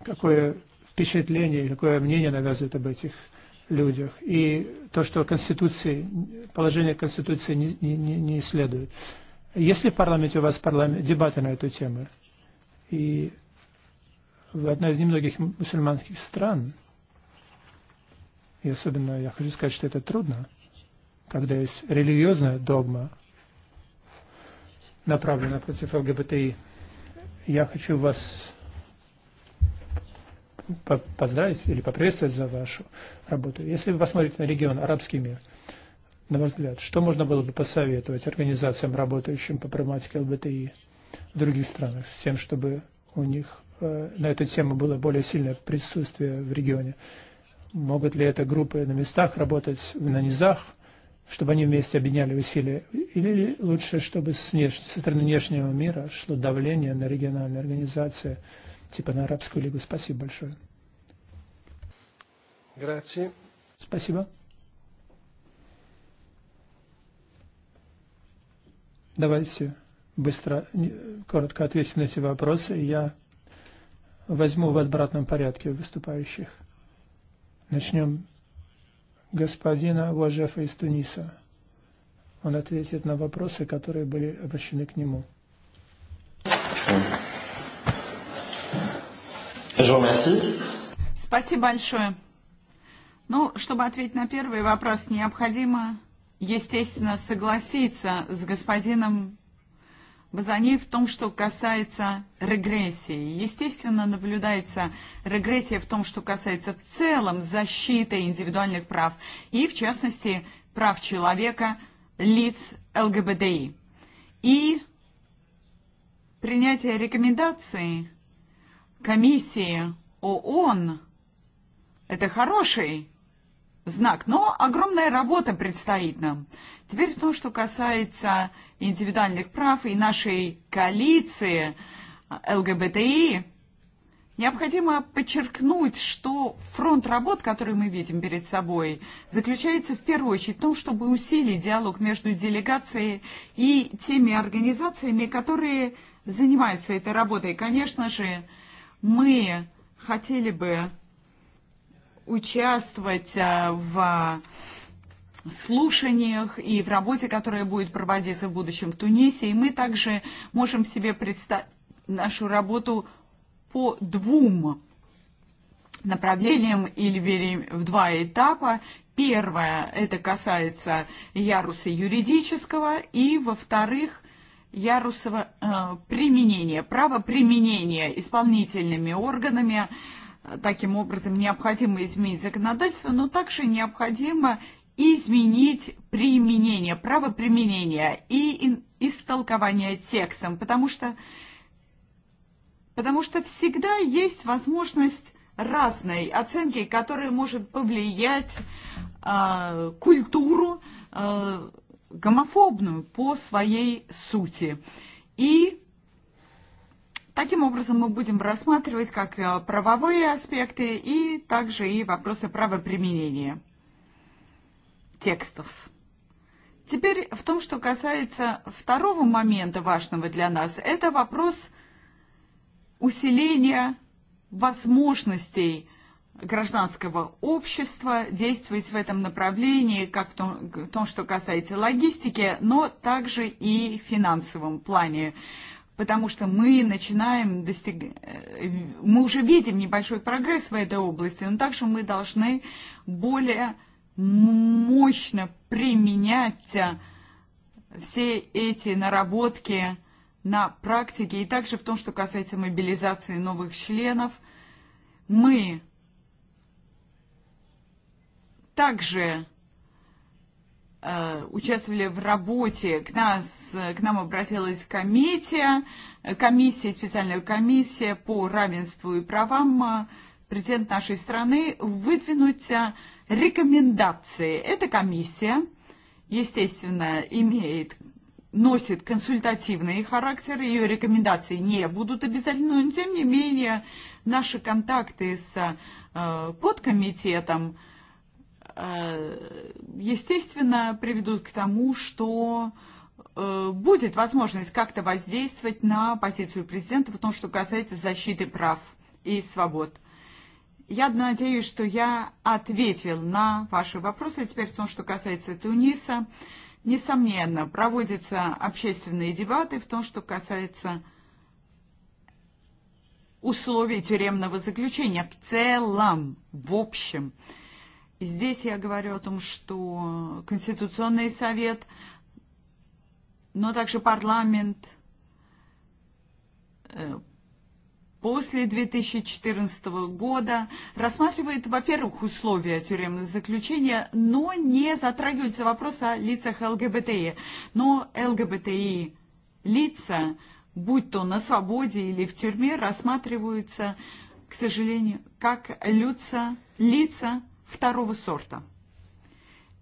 какое впечатление, какое мнение навязывает об этих людях. И то, что Конституции, положение Конституции не, не, не исследует. Есть ли в парламенте у вас парламент, дебаты на эту тему? И в одна из немногих мусульманских стран, и особенно я хочу сказать, что это трудно, когда есть религиозная догма, направлена против ЛГБТИ. Я хочу вас поздравить или поприветствовать за вашу работу. Если вы посмотрите на регион «Арабский мир», на ваш взгляд, что можно было бы посоветовать организациям, работающим по проблематике ЛБТИ в других странах, с тем, чтобы у них э, на эту тему было более сильное присутствие в регионе? Могут ли это группы на местах работать на низах? чтобы они вместе объединяли усилия, или лучше, чтобы с внеш... со стороны внешнего мира шло давление на региональные организации, типа на Арабскую лигу. Спасибо большое. Grazie. Спасибо. Давайте быстро, коротко ответим на эти вопросы. Я возьму в обратном порядке выступающих. Начнем господина Уажефа из Туниса. Он ответит на вопросы, которые были обращены к нему. Спасибо большое. Ну, чтобы ответить на первый вопрос, необходимо, естественно, согласиться с господином за ней в том, что касается регрессии. Естественно, наблюдается регрессия в том, что касается в целом защиты индивидуальных прав и, в частности, прав человека, лиц ЛГБТИ. И принятие рекомендаций комиссии ООН – это хороший знак. Но огромная работа предстоит нам. Теперь то, что касается индивидуальных прав и нашей коалиции э, ЛГБТИ, необходимо подчеркнуть, что фронт работ, который мы видим перед собой, заключается в первую очередь в том, чтобы усилить диалог между делегацией и теми организациями, которые занимаются этой работой. Конечно же, мы хотели бы участвовать э, в слушаниях и в работе, которая будет проводиться в будущем в Тунисе. И мы также можем себе представить нашу работу по двум направлениям или в два этапа. Первое, это касается яруса юридического, и во-вторых, ярусового э, применения, право применения исполнительными органами э, таким образом необходимо изменить законодательство, но также необходимо изменить применение, право применения и истолкование текстом, потому что, потому что всегда есть возможность разной оценки, которая может повлиять э, культуру э, гомофобную по своей сути. И Таким образом, мы будем рассматривать как э, правовые аспекты и также и вопросы правоприменения текстов. Теперь в том, что касается второго момента важного для нас, это вопрос усиления возможностей гражданского общества действовать в этом направлении, как в том, в том что касается логистики, но также и в финансовом плане потому что мы начинаем достиг... Э, мы уже видим небольшой прогресс в этой области, но также мы должны более мощно применять э, все эти наработки на практике и также в том, что касается мобилизации новых членов, мы также Э, участвовали в работе, к, нас, э, к нам обратилась комиссия, э, комиссия, специальная комиссия по равенству и правам, президент нашей страны, выдвинуть рекомендации. Эта комиссия, естественно, имеет носит консультативный характер, ее рекомендации не будут обязательны, но тем не менее наши контакты с подкомитетом естественно, приведут к тому, что э, будет возможность как-то воздействовать на позицию президента в том, что касается защиты прав и свобод. Я надеюсь, что я ответил на ваши вопросы. Теперь в том, что касается Туниса. Несомненно, проводятся общественные дебаты в том, что касается условий тюремного заключения в целом, в общем. Здесь я говорю о том, что Конституционный совет, но также парламент э, после 2014 года рассматривает, во-первых, условия тюремного заключения, но не затрагивается вопрос о лицах ЛГБТИ. Но ЛГБТИ лица, будь то на свободе или в тюрьме, рассматриваются, к сожалению, как лица, лица второго сорта.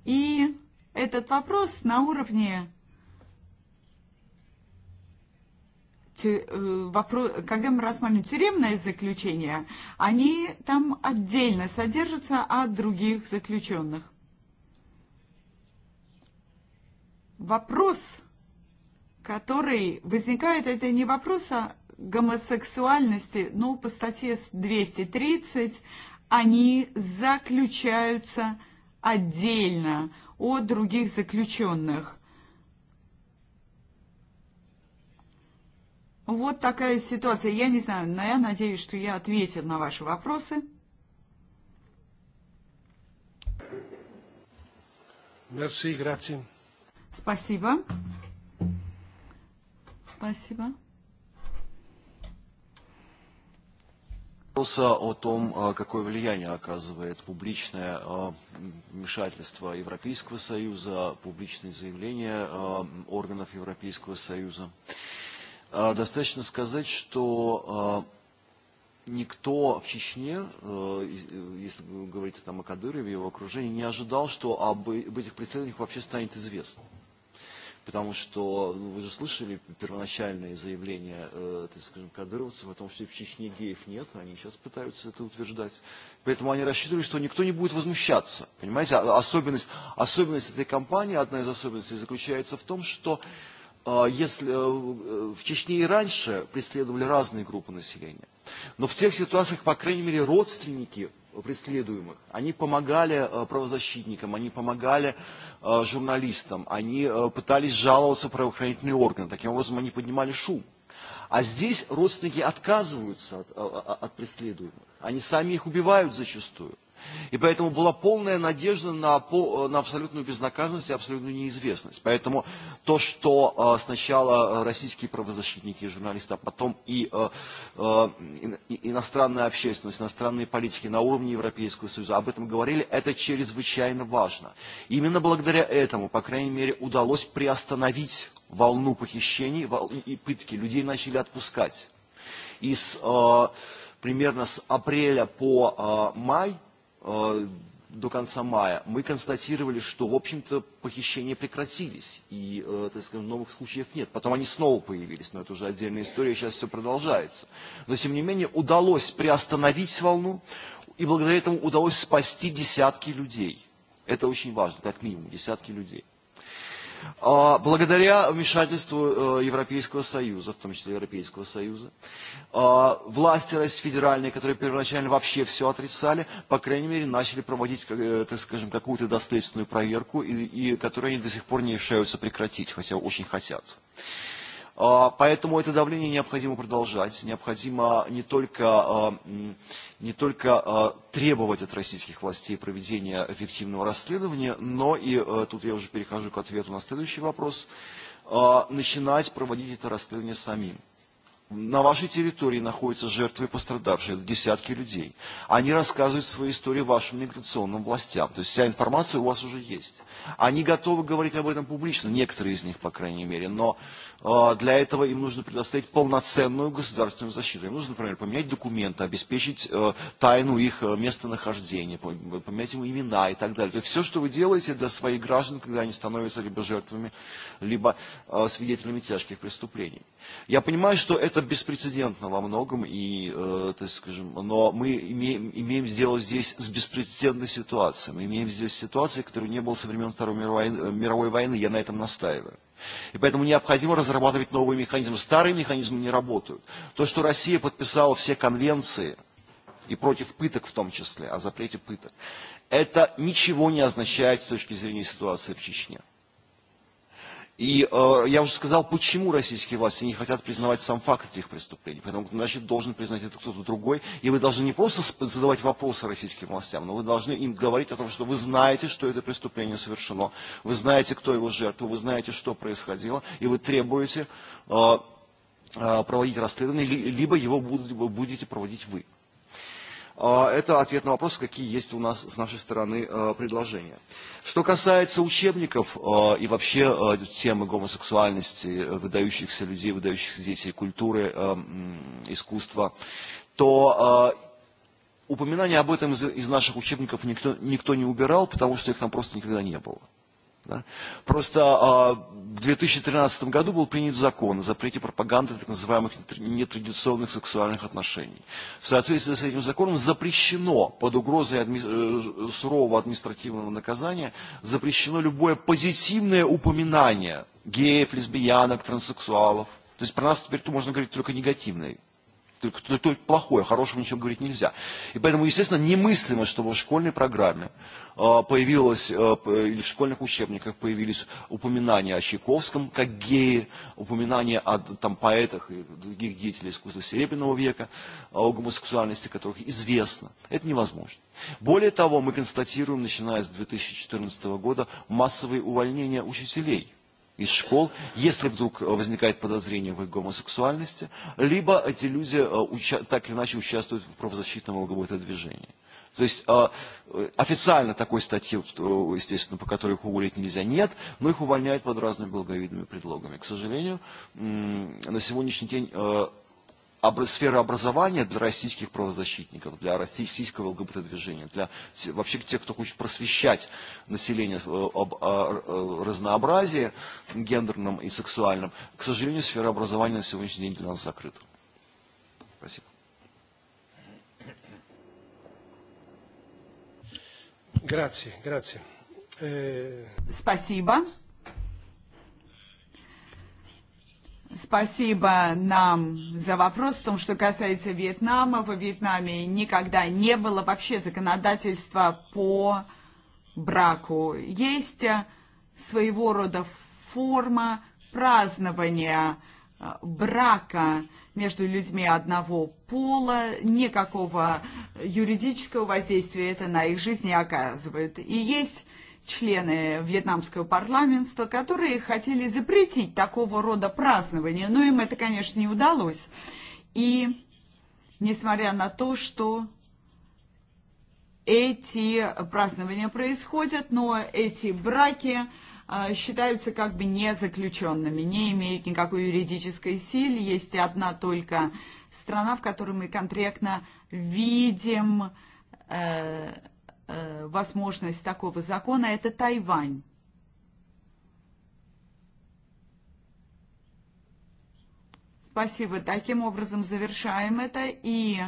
И этот вопрос на уровне э, когда мы рассматриваем тюремное заключение, они там отдельно содержатся от других заключенных. Вопрос, который возникает, это не вопрос о гомосексуальности, но по статье 230 они заключаются отдельно от других заключенных. Вот такая ситуация. Я не знаю, но я надеюсь, что я ответил на ваши вопросы. Merci, grazie. Спасибо. Спасибо. Вопроса о том, какое влияние оказывает публичное вмешательство Европейского Союза, публичные заявления органов Европейского Союза. Достаточно сказать, что никто в Чечне, если говорить там о Кадырове и его окружении, не ожидал, что об этих представлениях вообще станет известно. Потому что ну, вы же слышали первоначальные заявления, э, так скажем, кадыровцев о том, что и в Чечне геев нет, они сейчас пытаются это утверждать. Поэтому они рассчитывали, что никто не будет возмущаться. Понимаете, особенность, особенность этой кампании, одна из особенностей заключается в том, что э, если э, в Чечне и раньше преследовали разные группы населения, но в тех ситуациях, по крайней мере, родственники Э, преследуемых. Они помогали э, правозащитникам, они помогали э, журналистам, они пытались жаловаться в правоохранительные органы. Таким образом, они поднимали шум. А здесь родственники отказываются от, от преследуемых. Они сами их убивают зачастую. И поэтому была полная надежда на, на абсолютную безнаказанность и абсолютную неизвестность. Поэтому то, что сначала российские правозащитники и журналисты, а потом и иностранная общественность, иностранные политики на уровне Европейского Союза об этом говорили, это чрезвычайно важно. Именно благодаря этому, по крайней мере, удалось приостановить волну похищений и пытки. Людей начали отпускать. И с, примерно с апреля по май Э, до конца мая, мы констатировали, что, в общем-то, похищения прекратились, и, э, так сказать, новых случаев нет. Потом они снова появились, но это уже отдельная история, сейчас все продолжается. Но, тем не менее, удалось приостановить волну, и благодаря этому удалось спасти десятки людей. Это очень важно, как минимум, десятки людей. Благодаря вмешательству э, Европейского Союза, в том числе Европейского Союза, власти России федеральные, которые первоначально вообще все отрицали, по крайней мере, начали проводить, э, так скажем, какую-то доследственную проверку, и, и которую они до сих пор не решаются прекратить, хотя очень хотят. Поэтому это давление необходимо продолжать, необходимо не только не только требовать от российских властей проведения эффективного расследования, но и, тут я уже перехожу к ответу на следующий вопрос, начинать проводить это расследование самим. На вашей территории находятся жертвы и пострадавшие, это десятки людей. Они рассказывают свои истории вашим миграционным властям, то есть вся информация у вас уже есть. Они готовы говорить об этом публично, некоторые из них, по крайней мере, но Для этого им нужно предоставить полноценную государственную защиту. Им нужно, например, поменять документы, обеспечить э, тайну их э, местонахождения, поменять им имена и так далее. То есть все, что вы делаете для своих граждан, когда они становятся либо жертвами, либо э, свидетелями тяжких преступлений. Я понимаю, что это беспрецедентно во многом, и, так скажем, но мы имеем, имеем дело здесь с беспрецедентной ситуацией. Мы имеем здесь ситуацию, которая не было со времен Второй мировой войны. Я на этом настаиваю. И поэтому необходимо разрабатывать новые механизмы. Старые механизмы не работают. То, что Россия подписала все конвенции, и против пыток в том числе, о запрете пыток, это ничего не означает с точки зрения ситуации в Чечне. И э, я уже сказал, почему российские власти не хотят признавать сам факт этих преступлений. Потому что, значит, должен признать это кто-то другой. И вы должны не просто задавать вопросы российским властям, но вы должны им говорить о том, что вы знаете, что это преступление совершено, вы знаете, кто его жертва, вы знаете, что происходило, и вы требуете э, э проводить расследование, либо его будете проводить вы. Это ответ на вопрос, какие есть у нас с нашей стороны э, предложения. Что касается учебников э, и вообще э, темы гомосексуальности, выдающихся людей, выдающихся детей, культуры, искусства, то упоминания об этом из наших учебников никто, никто не убирал, потому что их там просто никогда не было. Да? Просто а, в 2013 году был принят закон о запрете пропаганды так называемых нетрадиционных сексуальных отношений. В соответствии с этим законом запрещено под угрозой адми... Э, сурового административного наказания запрещено любое позитивное упоминание геев, лесбиянок, транссексуалов. То есть про нас теперь -то можно говорить только негативное, только, только плохое, хорошего ничего говорить нельзя. И поэтому, естественно, немыслимо, чтобы в школьной программе появилось, в школьных учебниках появились упоминания о Чайковском как гее, упоминания о там, поэтах и других деятелей искусства Серебряного века, о гомосексуальности которых известно. Это невозможно. Более того, мы констатируем, начиная с 2014 года, массовые увольнения учителей – из школ, если вдруг э, возникает подозрение в их гомосексуальности, либо эти люди э, так или иначе участвуют в правозащитном ЛГБТ-движении. То есть э, официально такой статьи, естественно, по которой их уволить нельзя, нет, но их увольняют под разными благовидными предлогами. К сожалению, на сегодняшний день э, сфера образования для российских правозащитников, для российского ЛГБТ-движения, для вообще тех, кто хочет просвещать население э, об э, разнообразии гендерном и сексуальном, к сожалению, сфера образования на сегодняшний день для нас закрыта. Grazie, grazie. Eh... Спасибо. Спасибо нам за вопрос в том, что касается Вьетнама. Во Вьетнаме никогда не было вообще законодательства по браку. Есть своего рода форма празднования брака между людьми одного пола, никакого юридического воздействия это на их жизнь не оказывает. И есть члены вьетнамского парламента, которые хотели запретить такого рода празднования, но им это, конечно, не удалось. И несмотря на то, что эти празднования происходят, но эти браки считаются как бы не заключенными, не имеют никакой юридической силы. Есть одна только страна, в которой мы конкретно видим э, э, возможность такого закона, это Тайвань. Спасибо. Таким образом завершаем это и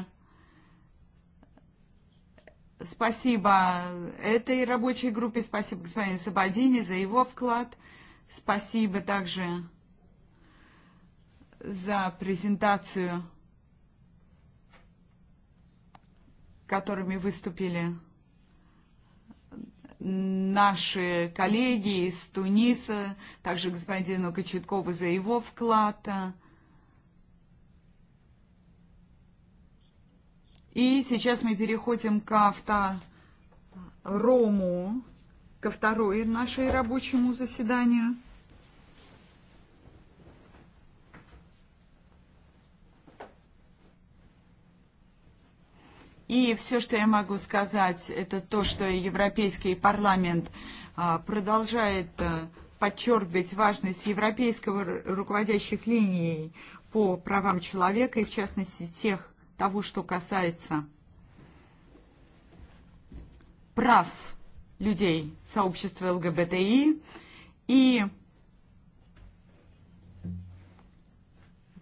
Спасибо этой рабочей группе, спасибо господину Сабадине за его вклад. Спасибо также за презентацию, которыми выступили наши коллеги из Туниса, также господину Кочеткову за его вклад. И сейчас мы переходим к второму, ко второй нашей рабочему заседанию. И все, что я могу сказать, это то, что Европейский парламент продолжает подчеркивать важность европейского руководящих линий по правам человека и, в частности, тех того, что касается прав людей сообщества ЛГБТИ и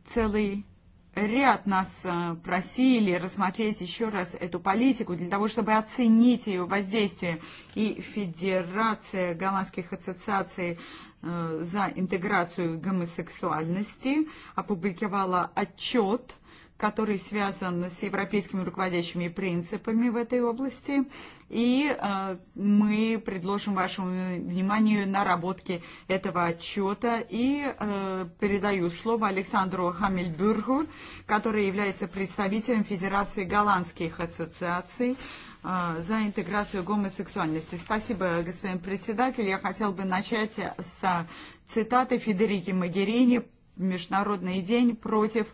целый ряд нас э, просили рассмотреть еще раз эту политику для того, чтобы оценить ее воздействие. И Федерация голландских ассоциаций э, за интеграцию гомосексуальности опубликовала отчет который связан с европейскими руководящими принципами в этой области. И э, мы предложим вашему вниманию наработки этого отчета. И э, передаю слово Александру Хамельбюргу, который является представителем Федерации голландских ассоциаций э, за интеграцию гомосексуальности. Спасибо, господин председатель. Я хотел бы начать с цитаты Федерики Магерини «Международный день против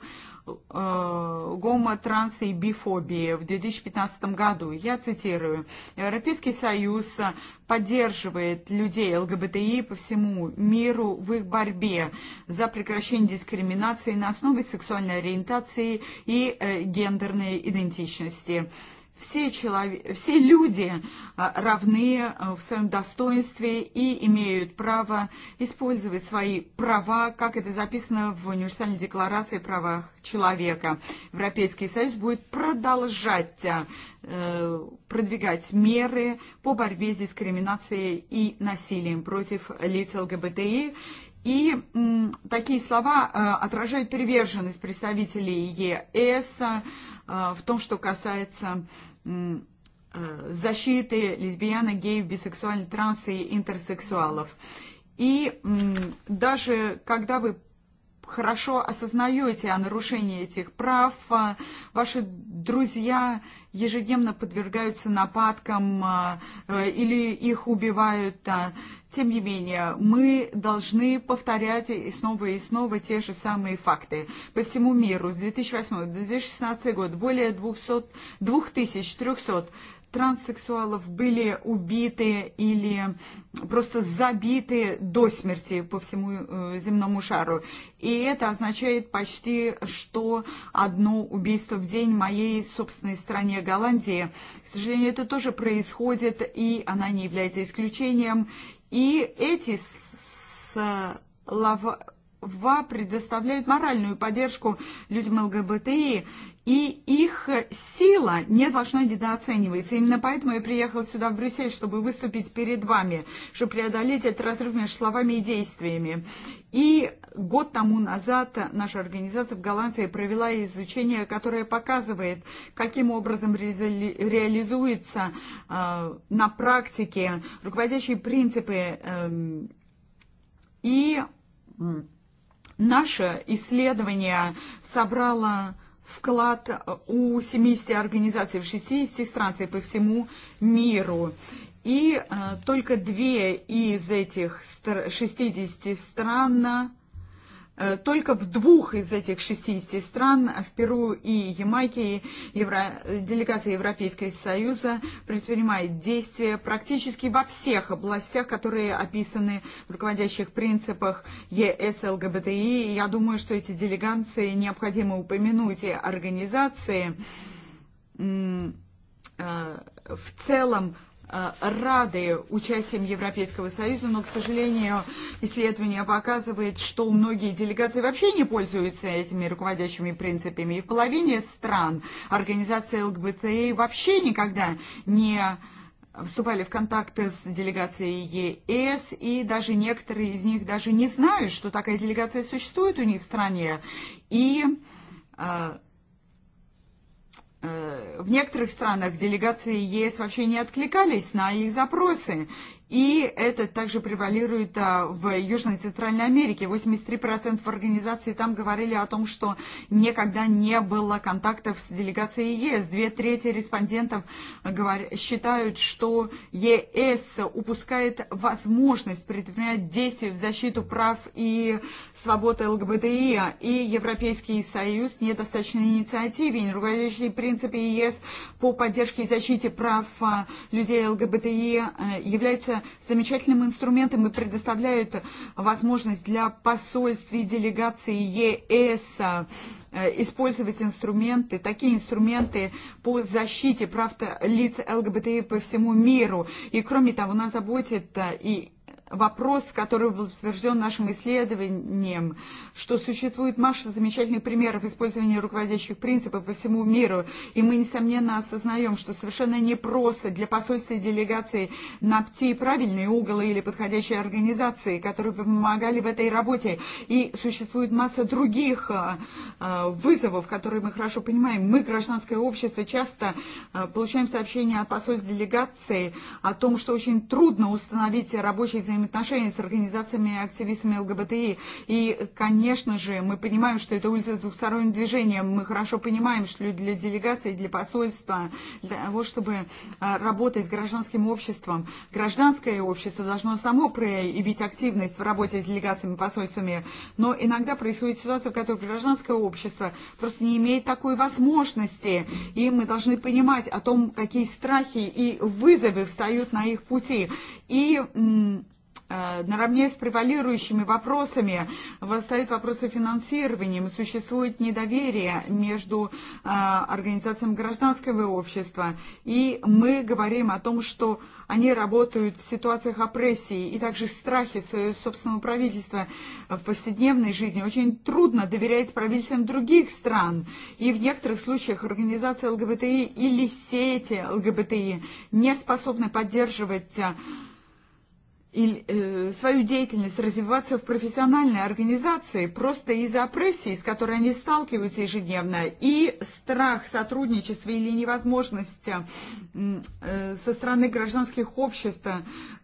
Э, гомо, транса и бифобии в 2015 году. Я цитирую. Европейский Союз поддерживает людей ЛГБТИ по всему миру в их борьбе за прекращение дискриминации на основе сексуальной ориентации и э, гендерной идентичности все, человек, все люди э, равны э, в своем достоинстве и имеют право использовать свои права, как это записано в Универсальной декларации о правах человека. Европейский Союз будет продолжать э, продвигать меры по борьбе с дискриминацией и насилием против лиц ЛГБТИ И такие слова отражают приверженность представителей ЕС Э, в том, что касается э, защиты лесбиян, геев, бисексуальных, транс и интерсексуалов. И даже когда вы хорошо осознаете о нарушении этих прав. Ваши друзья ежедневно подвергаются нападкам э, или их убивают. Тем не менее, мы должны повторять и снова и снова те же самые факты. По всему миру с 2008 2016 год более 200, 2300 транссексуалов были убиты или просто забиты до смерти по всему э, земному шару. И это означает почти, что одно убийство в день в моей собственной стране Голландии. К сожалению, это тоже происходит, и она не является исключением. И эти слова предоставляют моральную поддержку людям ЛГБТИ и их сила не должна недооцениваться. Именно поэтому я приехал сюда, в Брюссель, чтобы выступить перед вами, чтобы преодолеть этот разрыв между словами и действиями. И год тому назад наша организация в Голландии провела изучение, которое показывает, каким образом реализуются э, на практике руководящие принципы э, и наше исследование собрало вклад у 70 организаций в 60 странах по всему миру. И э, только две из этих 60 стран Э, только в двух из этих 60 стран, э, в Перу и Ямайке, Евро... делегация Европейского Союза предпринимает действия практически во всех областях, которые описаны в руководящих принципах ЕС ЛГБТИ. Я думаю, что эти делегации необходимо упомянуть и организации э, в целом Э, рады участием Европейского Союза, но, к сожалению, исследование показывает, что многие делегации вообще не пользуются этими руководящими принципами. И в половине стран организации ЛГБТИ вообще никогда не вступали в контакты с делегацией ЕС, и даже некоторые из них даже не знают, что такая делегация существует у них в стране. И э, Э, в некоторых странах делегации ЕС вообще не откликались на их запросы. И это также превалирует в Южной и Центральной Америке. 83% организаций там говорили о том, что никогда не было контактов с делегацией ЕС. Две трети респондентов считают, что ЕС упускает возможность предпринять действия в защиту прав и свободы ЛГБТИ. И Европейский Союз недостаточно инициативен. Руководящие принципы ЕС по поддержке и защите прав людей ЛГБТИ являются замечательным инструментом и предоставляют возможность для посольств и делегаций ЕС э, использовать инструменты, такие инструменты по защите прав лиц ЛГБТИ по всему миру. И кроме того, нас заботит э, и вопрос, который был подтвержден нашим исследованием, что существует масса замечательных примеров использования руководящих принципов по всему миру, и мы, несомненно, осознаем, что совершенно непросто для посольства и делегации найти правильные уголы или подходящие организации, которые помогали в этой работе, и существует масса других э, э, вызовов, которые мы хорошо понимаем. Мы, гражданское общество, часто э, получаем сообщения от посольств делегации о том, что очень трудно установить рабочие взаимодействия взаимоотношения с организациями и активистами ЛГБТИ. И, конечно же, мы понимаем, что это улица с двухсторонним движением. Мы хорошо понимаем, что для делегации, для посольства, для того, чтобы работать с гражданским обществом, гражданское общество должно само проявить активность в работе с делегациями, и посольствами. Но иногда происходит ситуация, в которой гражданское общество просто не имеет такой возможности. И мы должны понимать о том, какие страхи и вызовы встают на их пути. И Э, наравне с превалирующими вопросами восстают вопросы финансирования. Существует недоверие между э, организациями гражданского общества. И мы говорим о том, что они работают в ситуациях опрессии и также страхе своего собственного правительства в повседневной жизни. Очень трудно доверять правительствам других стран. И в некоторых случаях организации ЛГБТИ или сети ЛГБТИ не способны поддерживать э, Э, свою деятельность развиваться в профессиональной организации просто из-за опрессии, с которой они сталкиваются ежедневно, и страх сотрудничества или невозможности э, со стороны гражданских обществ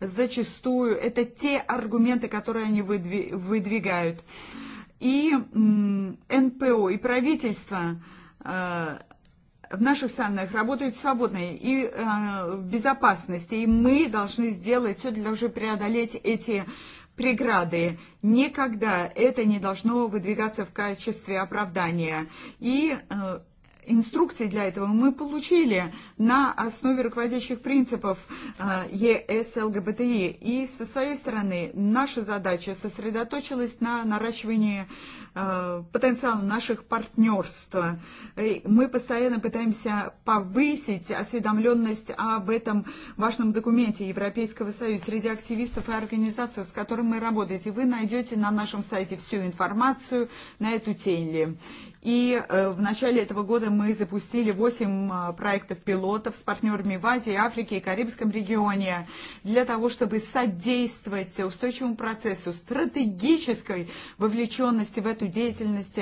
зачастую это те аргументы, которые они выдвигают. И НПО, и правительство э, в наших странах работают свободные и э, в безопасности, и мы должны сделать все для уже преодолеть эти преграды. Никогда это не должно выдвигаться в качестве оправдания. И э, инструкции для этого мы получили на основе руководящих принципов э, ЕС ЛГБТИ. И со своей стороны наша задача сосредоточилась на наращивании э, потенциала наших партнерств. Мы постоянно пытаемся повысить осведомленность об этом важном документе Европейского Союза среди активистов и организаций, с которыми мы работаете. Вы найдете на нашем сайте всю информацию на эту тему. И э, в начале этого года мы запустили 8 проектов пилотов с партнерами в Азии, Африке и Карибском регионе для того, чтобы содействовать устойчивому процессу стратегической вовлеченности в эту деятельность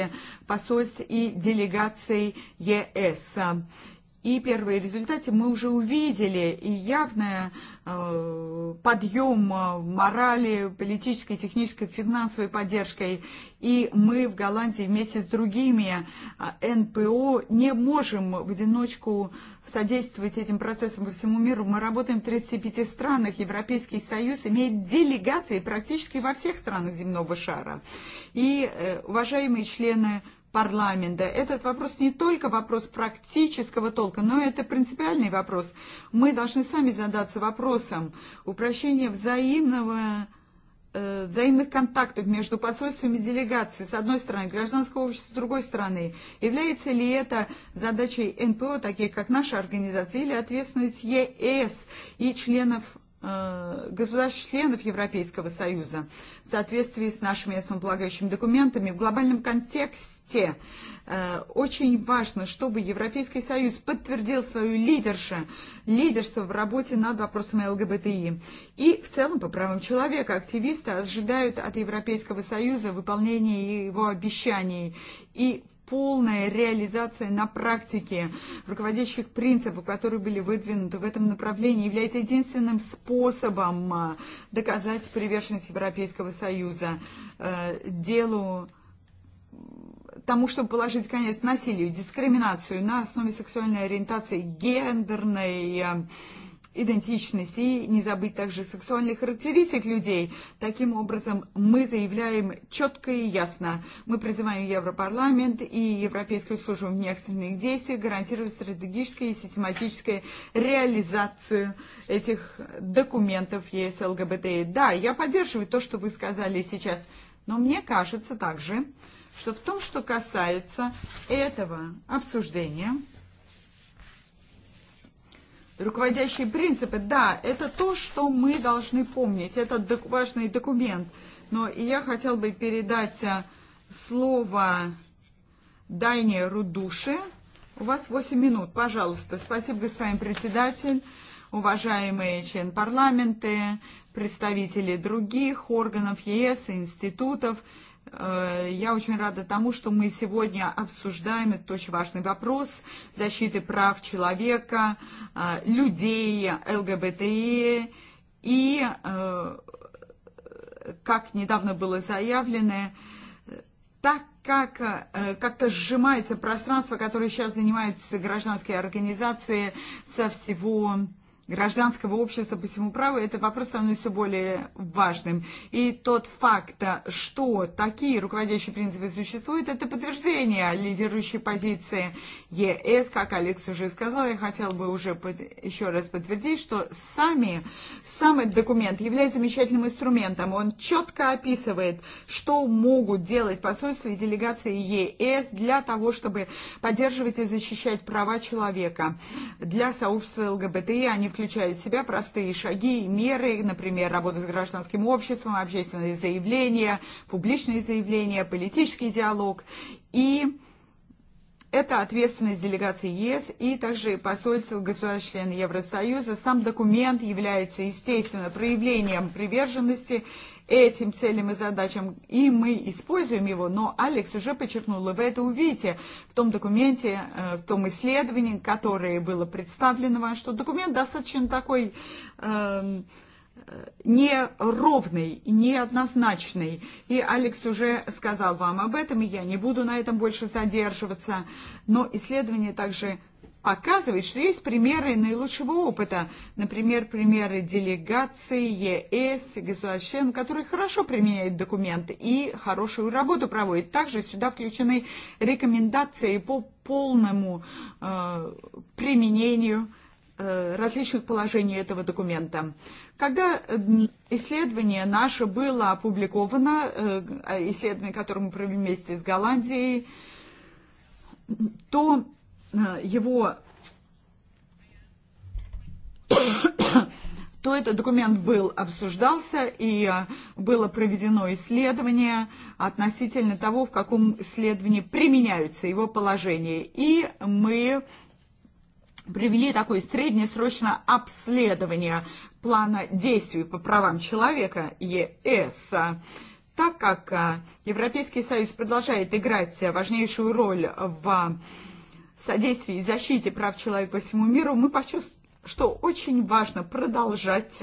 посольств и делегаций ЕС. И первые результаты мы уже увидели, и явный э, подъем э, морали, политической, технической, финансовой поддержкой. И мы в Голландии вместе с другими э, НПО не можем в одиночку содействовать этим процессам по всему миру. Мы работаем в 35 странах, Европейский Союз имеет делегации практически во всех странах земного шара. И, э, уважаемые члены парламента. Этот вопрос не только вопрос практического толка, но это принципиальный вопрос. Мы должны сами задаться вопросом упрощения взаимного э, взаимных контактов между посольствами и делегацией, с одной стороны, гражданского общества, с другой стороны. Является ли это задачей НПО, таких как наша организация, или ответственность ЕС и членов Э, государств-членов Европейского Союза в соответствии с нашими основополагающими документами в глобальном контексте э, очень важно, чтобы Европейский Союз подтвердил свою лидерство, лидерство в работе над вопросами ЛГБТИ. И в целом по правам человека активисты ожидают от Европейского Союза выполнения его обещаний и полная реализация на практике руководящих принципов, которые были выдвинуты в этом направлении, является единственным способом доказать приверженность Европейского Союза э, делу тому, чтобы положить конец насилию, дискриминацию на основе сексуальной ориентации, гендерной э, идентичности, не забыть также сексуальных характеристик людей. Таким образом, мы заявляем четко и ясно. Мы призываем Европарламент и Европейскую службу внеэкстренных действий гарантировать стратегическую и систематическую реализацию этих документов ЕС ЛГБТ. Да, я поддерживаю то, что вы сказали сейчас, но мне кажется также, что в том, что касается этого обсуждения, руководящие принципы, да, это то, что мы должны помнить, это док важный документ. Но я хотел бы передать э, слово Дайне Рудуше. У вас 8 минут, пожалуйста. Спасибо, господин председатель, уважаемые члены парламента, представители других органов ЕС, институтов. Э, я очень рада тому, что мы сегодня обсуждаем этот очень важный вопрос защиты прав человека, э, людей, ЛГБТИ и, э, как недавно было заявлено, так как как-то сжимается пространство, которое сейчас занимаются гражданские организации со всего мира гражданского общества по всему праву, это вопрос становится все более важным. И тот факт, что такие руководящие принципы существуют, это подтверждение лидирующей позиции ЕС. Как Алекс уже сказал, я хотел бы уже под, еще раз подтвердить, что сами, сам этот документ является замечательным инструментом. Он четко описывает, что могут делать посольства и делегации ЕС для того, чтобы поддерживать и защищать права человека для сообщества ЛГБТИ, они в включают в себя простые шаги и меры, например, работа с гражданским обществом, общественные заявления, публичные заявления, политический диалог. И это ответственность делегации ЕС и также посольство государств-членов Евросоюза. Сам документ является, естественно, проявлением приверженности этим целям и задачам, и мы используем его, но Алекс уже подчеркнул, и вы это увидите в том документе, э, в том исследовании, которое было представлено вам, что документ достаточно такой э, неровный, неоднозначный. И Алекс уже сказал вам об этом, и я не буду на этом больше задерживаться. Но исследование также оказывать, что есть примеры наилучшего опыта, например, примеры делегации ЕС и государств которые хорошо применяют документы и хорошую работу проводят. Также сюда включены рекомендации по полному э, применению э, различных положений этого документа. Когда э, исследование наше было опубликовано, э, исследование, которое мы провели вместе с Голландией, то Э, его то этот документ был обсуждался и э, было проведено исследование относительно того, в каком исследовании применяются его положения. И мы привели такое среднесрочное обследование плана действий по правам человека ЕС. Так как э, Европейский Союз продолжает играть важнейшую роль в в содействии защите прав человека по всему миру, мы почувствовали, что очень важно продолжать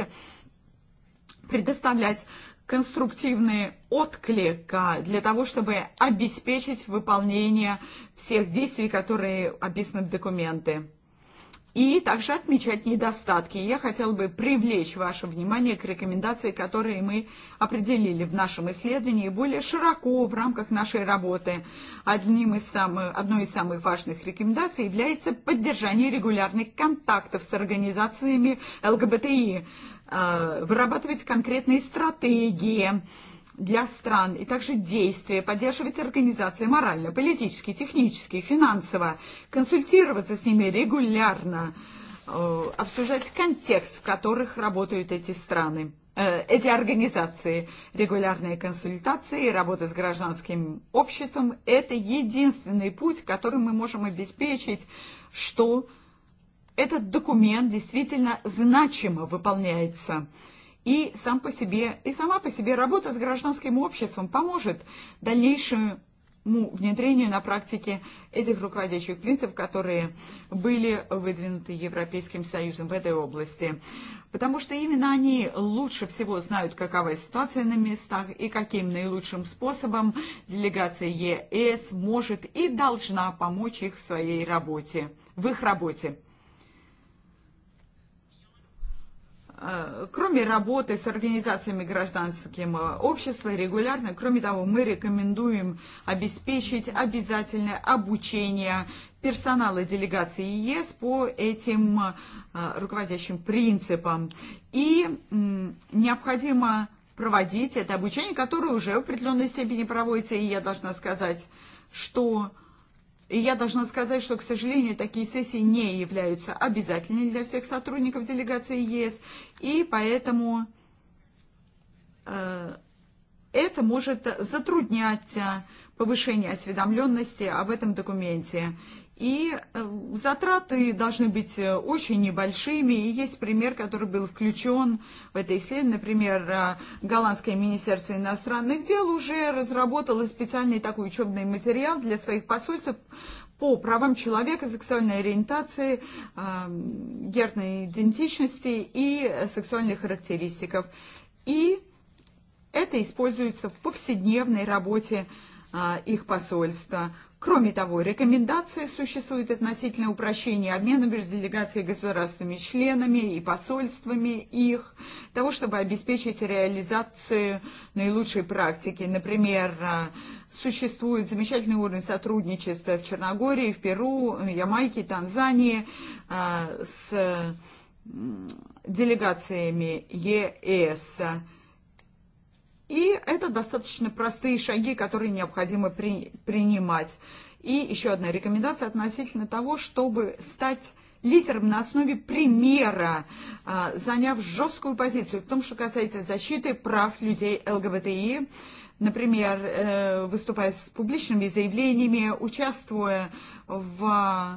предоставлять конструктивный отклик для того, чтобы обеспечить выполнение всех действий, которые описаны в документы. И также отмечать недостатки. Я хотел бы привлечь ваше внимание к рекомендации, которые мы определили в нашем исследовании более широко в рамках нашей работы. Одним из самых, одной из самых важных рекомендаций является поддержание регулярных контактов с организациями ЛГБТИ, э, вырабатывать конкретные стратегии, для стран и также действия, поддерживать организации морально, политически, технически, финансово, консультироваться с ними регулярно, э, обсуждать контекст, в которых работают эти страны э, эти организации, регулярные консультации, работа с гражданским обществом – это единственный путь, которым мы можем обеспечить, что этот документ действительно значимо выполняется. И, сам по себе, и сама по себе работа с гражданским обществом поможет дальнейшему внедрению на практике этих руководящих принципов, которые были выдвинуты Европейским Союзом в этой области. Потому что именно они лучше всего знают, какова ситуация на местах и каким наилучшим способом делегация ЕС может и должна помочь их в своей работе, в их работе. кроме работы с организациями гражданским общества регулярно, кроме того, мы рекомендуем обеспечить обязательное обучение персонала делегации ЕС по этим руководящим принципам. И необходимо проводить это обучение, которое уже в определенной степени проводится, и я должна сказать, что И я должна сказать, что, к сожалению, такие сессии не являются обязательными для всех сотрудников делегации ЕС, и поэтому э, это может затруднять повышение осведомленности об этом документе. И э, затраты должны быть э, очень небольшими. И есть пример, который был включен в это исследование. Например, э, Голландское министерство иностранных дел уже разработало специальный такой учебный материал для своих посольств по правам человека, сексуальной ориентации, герной идентичности и сексуальных характеристиков. И это используется в повседневной работе их посольства. Кроме того, рекомендации существуют относительно упрощения обмена между делегацией государственными членами и посольствами их, того, чтобы обеспечить реализацию наилучшей практики. Например, э, существует замечательный уровень сотрудничества в Черногории, в Перу, Ямайке, Танзании э, с делегациями ЕС. Э И это достаточно простые шаги, которые необходимо при, принимать. И еще одна рекомендация относительно того, чтобы стать лидером на основе примера, заняв жесткую позицию в том, что касается защиты прав людей ЛГБТИ, например, э, выступая с публичными заявлениями, участвуя в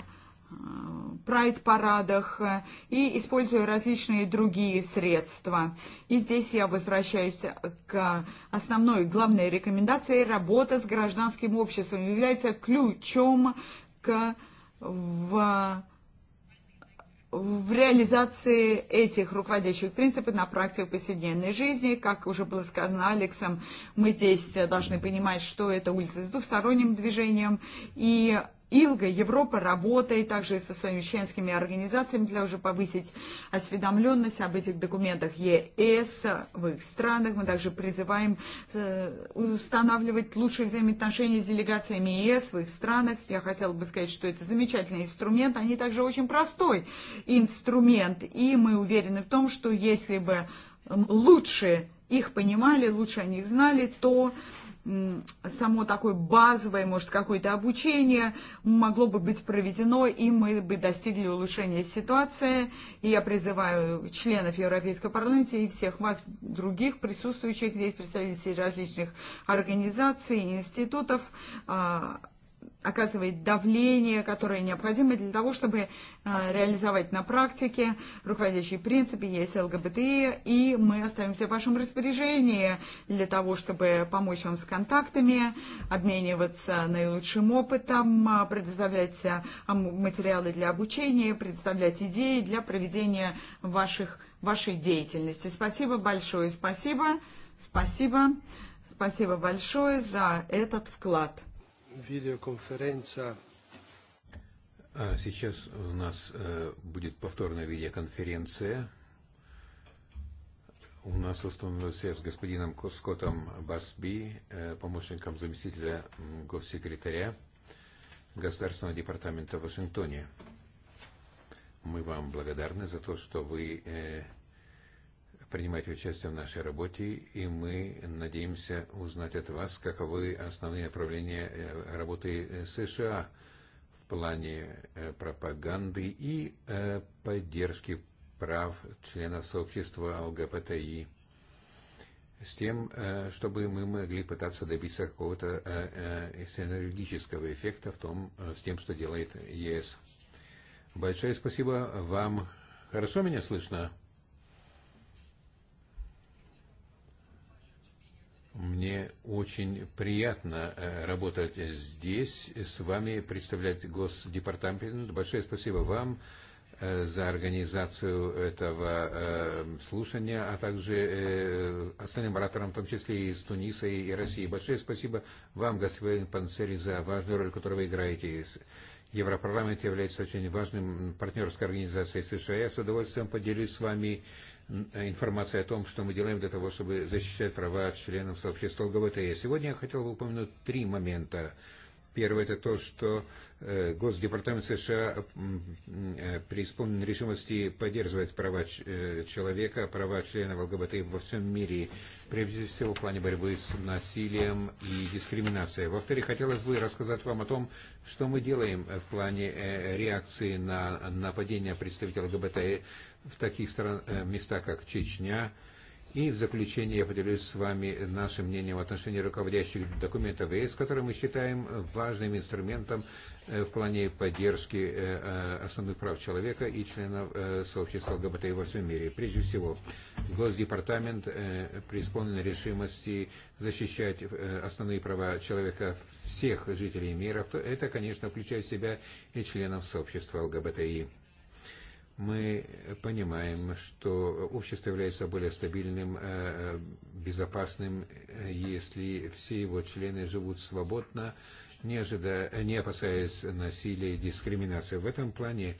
прайд-парадах э, и используя различные другие средства. И здесь я возвращаюсь к основной, главной рекомендации. Работа с гражданским обществом является ключом к в в реализации этих руководящих принципов на практике повседневной жизни. Как уже было сказано Алексом, мы здесь э, должны понимать, что это улица с двусторонним движением, и Илга, Европа работает также со своими членскими организациями для уже повысить осведомленность об этих документах ЕС в их странах. Мы также призываем э, устанавливать лучшие взаимоотношения с делегациями ЕС в их странах. Я хотела бы сказать, что это замечательный инструмент, они также очень простой инструмент. И мы уверены в том, что если бы лучше их понимали, лучше о них знали, то само такое базовое, может, какое-то обучение могло бы быть проведено, и мы бы достигли улучшения ситуации. И я призываю членов Европейского парламента и всех вас, других присутствующих здесь, представителей различных организаций, институтов, оказывает давление, которое необходимо для того, чтобы э, реализовать на практике руководящие принципы ЕС ЛГБТ, и мы оставимся в вашем распоряжении для того, чтобы помочь вам с контактами, обмениваться наилучшим опытом, э, предоставлять э, материалы для обучения, предоставлять идеи для проведения ваших, вашей деятельности. Спасибо большое, спасибо, спасибо, спасибо большое за этот вклад видеоконференция. А сейчас у нас э, будет повторная видеоконференция. У нас установлена связь с господином Скоттом Басби, э, помощником заместителя госсекретаря Государственного департамента в Вашингтоне. Мы вам благодарны за то, что вы э, принимать участие в нашей работе, и мы надеемся узнать от вас, каковы основные направления э, работы э, США в плане э, пропаганды и поддержки прав членов сообщества ЛГБТИ с тем, чтобы мы могли пытаться добиться какого-то синергического эффекта в том, с тем, что делает ЕС. Большое спасибо вам. Хорошо меня слышно? Мне очень приятно э, работать здесь, с вами представлять Госдепартамент. Большое спасибо вам э, за организацию этого э, слушания, а также остальным ораторам, в том числе и из Туниса и России. Большое спасибо вам, господин Панцери, за важную роль, которую вы играете. Европарламент является очень важным партнерской организацией США. Я с удовольствием поделюсь с вами информация о том, что мы делаем для того, чтобы защищать права членов сообщества ЛГБТ. Сегодня я хотел бы упомянуть три момента. Первое – это то, что э, Госдепартамент США э, при исполненной решимости поддерживает права э, человека, права членов ЛГБТ во всем мире, прежде всего в плане борьбы с насилием и дискриминацией. Во-вторых, хотелось бы рассказать вам о том, что мы делаем в плане реакции на нападение представителей ЛГБТ в таких стран, э, местах, как Чечня. И в заключение я поделюсь с вами нашим мнением в отношении руководящих документов ЕС, которые мы считаем важным инструментом э, в плане поддержки э, основных прав человека и членов сообщества ЛГБТ во всем мире. Прежде всего, Госдепартамент преисполнен решимости защищать основные права человека всех жителей мира. Это, конечно, включает в себя и членов сообщества ЛГБТИ. Мы понимаем, что общество является более стабильным, э, э, безопасным, если все его члены живут свободно, не, ожидая, не опасаясь насилия и дискриминации. В этом плане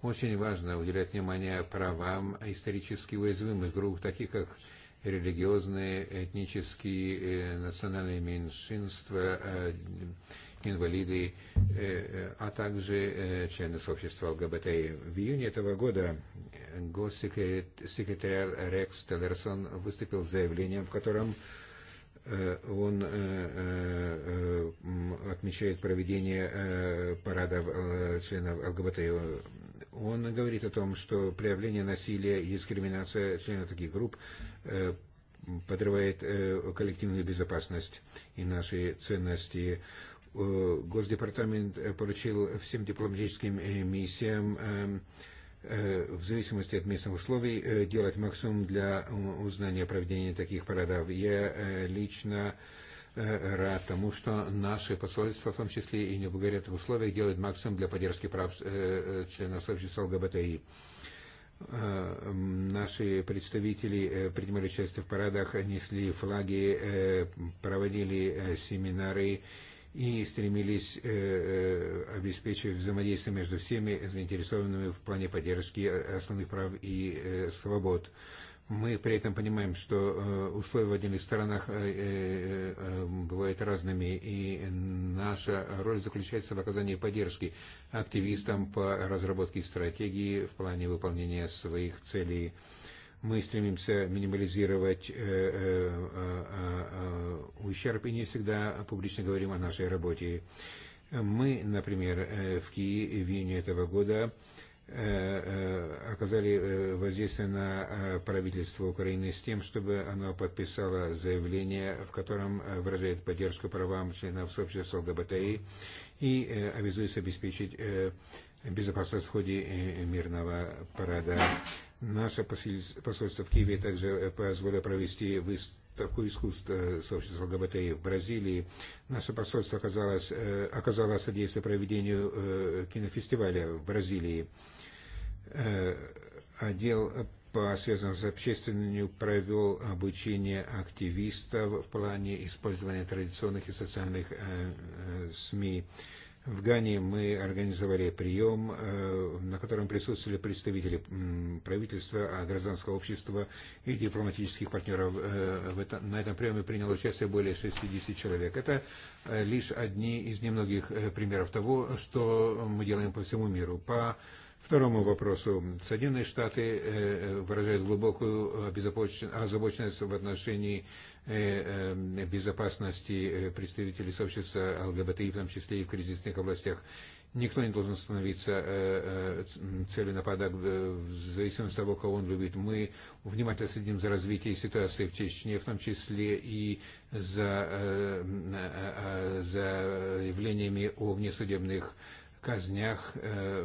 очень важно уделять внимание правам исторически уязвимых групп, таких как религиозные, этнические, э, национальные меньшинства, инвалиды, э, э, а также э, члены сообщества ЛГБТ. В июне этого года госсекретарь Рекс Теллерсон выступил с заявлением, в котором он отмечает проведение парадов членов ЛГБТ. Он говорит о том, что проявление насилия и дискриминация членов таких групп подрывает коллективную безопасность и наши ценности. Э, Госдепартамент э, поручил всем дипломатическим э, миссиям в зависимости от местных условий делать максимум для узнания проведения таких парадов. Я лично рад тому, что наши посольства, в том числе и не в этих условиях, делают максимум для поддержки прав членов сообщества ЛГБТИ. Наши представители принимали участие в парадах, несли флаги, проводили семинары, и стремились э, э, обеспечивать взаимодействие между всеми заинтересованными в плане поддержки э, основных прав и свобод. Мы при этом понимаем, что условия в отдельных э, бывают разными, и наша роль заключается в оказании поддержки активистам по разработке стратегии в плане выполнения своих целей мы стремимся минимализировать э, э, э, ущерб и не всегда публично говорим о нашей работе. Мы, например, в Киеве в июне этого года оказали воздействие на правительство Украины с тем, чтобы оно подписало заявление, в котором выражает поддержку правам членов сообщества ЛГБТИ и обязуется обеспечить безопасность в ходе мирного парада. Наше посольство в Киеве также э, позволило провести выставку искусств э, сообщества ЛГБТ в Бразилии. Наше посольство оказалось, э, оказало содействие проведению кинофестиваля в Бразилии. Отдел по связанным с общественностью провел обучение активистов в плане использования традиционных и социальных СМИ. СМИ В Гане мы организовали прием, э, на котором присутствовали представители правительства, гражданского общества и дипломатических партнеров. Э, на этом приеме приняло участие более 60 человек. Это э, лишь одни из немногих примеров того, что мы делаем по всему миру. По Второму вопросу. Соединенные Штаты выражают глубокую озабоченность в отношении безопасности представителей сообщества ЛГБТИ, в том числе и в кризисных областях. Никто не должен становиться э, э, целью нападок э, в зависимости от того, кого он любит. Мы внимательно следим за развитием ситуации в Чечне, в том числе и за, за явлениями о внесудебных казнях,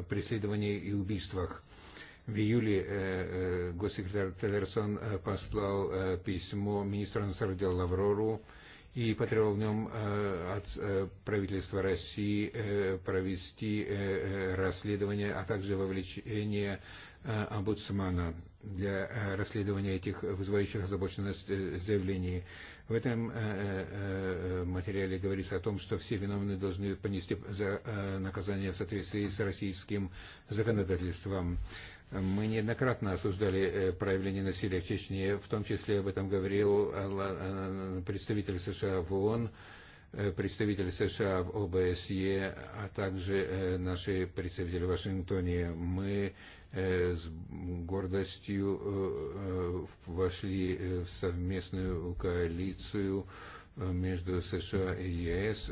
преследованиях и убийствах В июле э, э, госсекретарь Телерсон э, послал письмо министру иностранных дел Лаврору и потребовал в нем от правительства России провести расследование, а также вовлечение омбудсмана для расследования этих вызывающих озабоченность заявлений. В этом материале говорится о том, что все виновные должны понести за наказание в соответствии с российским законодательством. Мы неоднократно осуждали э, проявление насилия в Чечне, в том числе об этом говорил э, э, представитель США в ООН, представитель США в ОБСЕ, а также наши представители в Вашингтоне. Мы с гордостью вошли в совместную коалицию между США и ЕС,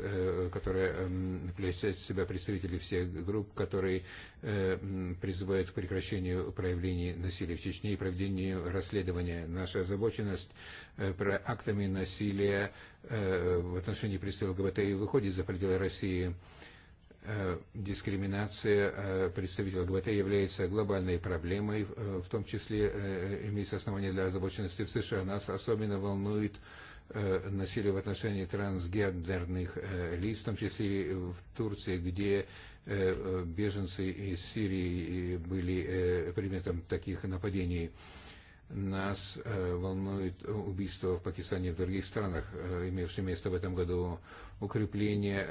которая включает в себя представители всех групп, которые э, призывают к прекращению проявлений насилия в Чечне и проведению расследования. Наша озабоченность э, про актами насилия э, в отношении представителей ЛГБТ выходит за пределы России дискриминация представителей ЛГБТ является глобальной проблемой, в том числе имеется основание для озабоченности в США. Нас особенно волнует Э, насилие в отношении трансгендерных э, лиц, в том числе и в Турции, где э, беженцы из Сирии были предметом таких нападений. Нас волнует убийство в Пакистане и в других странах, имевшее место в этом году, укрепление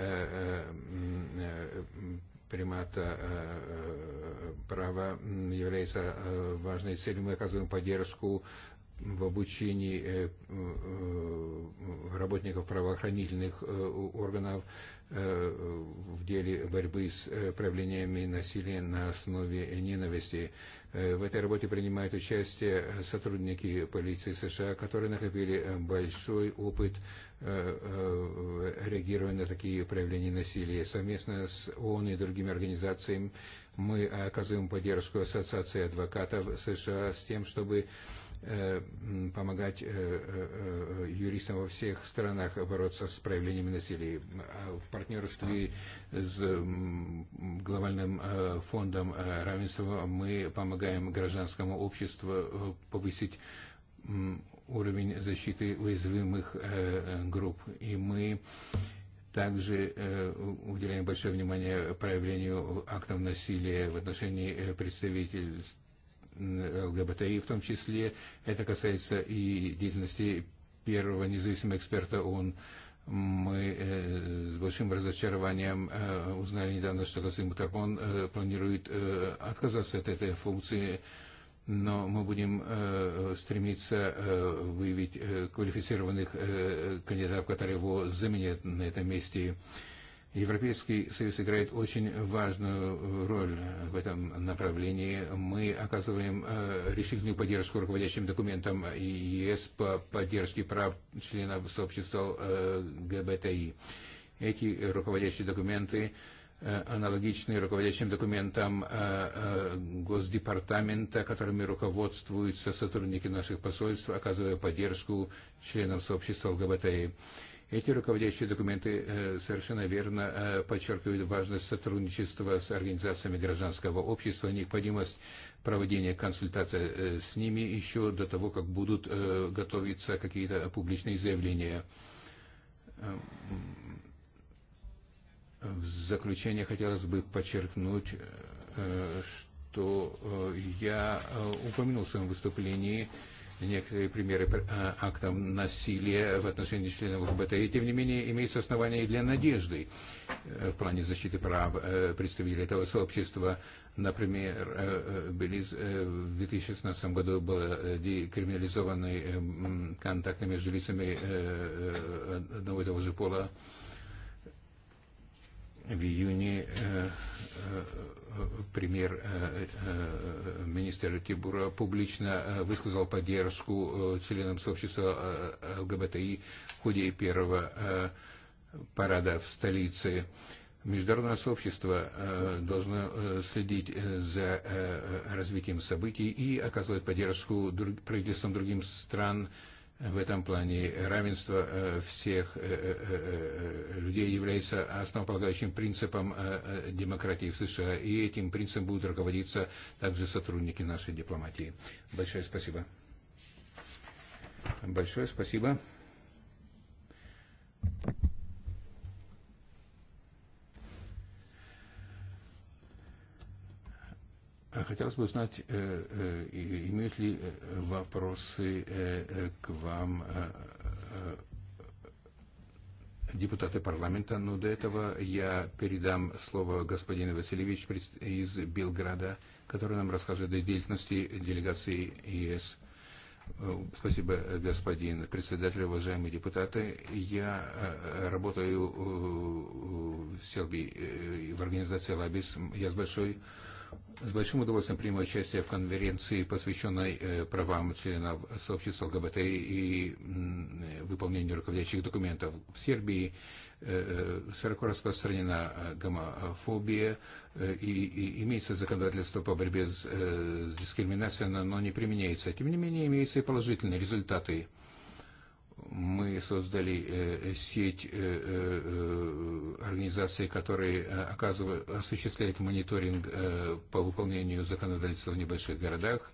примата права является важной целью. Мы оказываем поддержку в обучении э, э, работников правоохранительных э, органов в деле борьбы с проявлениями насилия на основе ненависти. В этой работе принимают участие сотрудники полиции США, которые накопили большой опыт реагирования на такие проявления насилия. Совместно с ООН и другими организациями мы оказываем поддержку Ассоциации адвокатов США с тем, чтобы Э, помогать э, э, юристам во всех странах бороться с проявлениями насилия. В партнерстве с Глобальным фондом равенства мы помогаем гражданскому обществу повысить уровень защиты уязвимых групп. И мы также уделяем большое внимание проявлению актов насилия в отношении представительств ЛГБТИ в том числе. Это касается и деятельности первого независимого эксперта ООН. Мы э, с большим разочарованием э, узнали недавно, что Касым Бутарпон э, планирует э, отказаться от этой функции, но мы будем э, стремиться э, выявить э, квалифицированных э, кандидатов, которые его заменят на этом месте. Э, Европейский Союз играет очень важную э, роль э, в этом направлении. Мы оказываем э, решительную поддержку руководящим документам ЕС по поддержке прав членов сообщества ГБТИ. Эти руководящие документы аналогичны руководящим документам Госдепартамента, которыми руководствуются сотрудники наших посольств, оказывая поддержку членам сообщества ЛГБТИ. Эти руководящие документы э, совершенно верно э, подчеркивают важность сотрудничества с организациями гражданского общества, необходимость проведения консультаций э, с ними еще до того, как будут готовиться какие-то публичные заявления. В заключение хотелось бы подчеркнуть, что я упомянул в своем выступлении, что некоторые примеры э, актов насилия в отношении членов И тем не менее, имеется основание для надежды э, в плане защиты прав э, представителей этого сообщества. Например, в 2016 году был декриминализованы контакты между лицами одного и того же пола. В июне Премьер э, э, министр Тибура публично э, высказал поддержку членам сообщества ЛГБТИ в ходе первого парада в столице. Международное сообщество должно следить за развитием событий и оказывать поддержку правительствам других стран, в этом плане равенство э, всех э, э, людей является основополагающим принципом демократии в США, и этим принципом будут руководиться также сотрудники нашей дипломатии. Большое спасибо. Большое спасибо. Хотелось бы узнать, э, э, имеют ли э, вопросы к вам депутаты парламента, но до этого я передам слово господину Васильевичу из Белграда, который нам расскажет о деятельности делегации ЕС. Спасибо, господин председатель, уважаемые депутаты. Я работаю в Сербии, в организации «Лабис». Я с большой с большим удовольствием принимаю участие в конференции, посвященной э, правам членов сообщества ЛГБТ и выполнению руководящих документов. В Сербии э, э, широко распространена гомофобия и имеется законодательство по борьбе с дискриминацией, но не применяется. Тем не менее, имеются и положительные результаты мы создали э, э, сеть э, организаций, которые оказывают, осуществляют мониторинг по выполнению законодательства в небольших городах.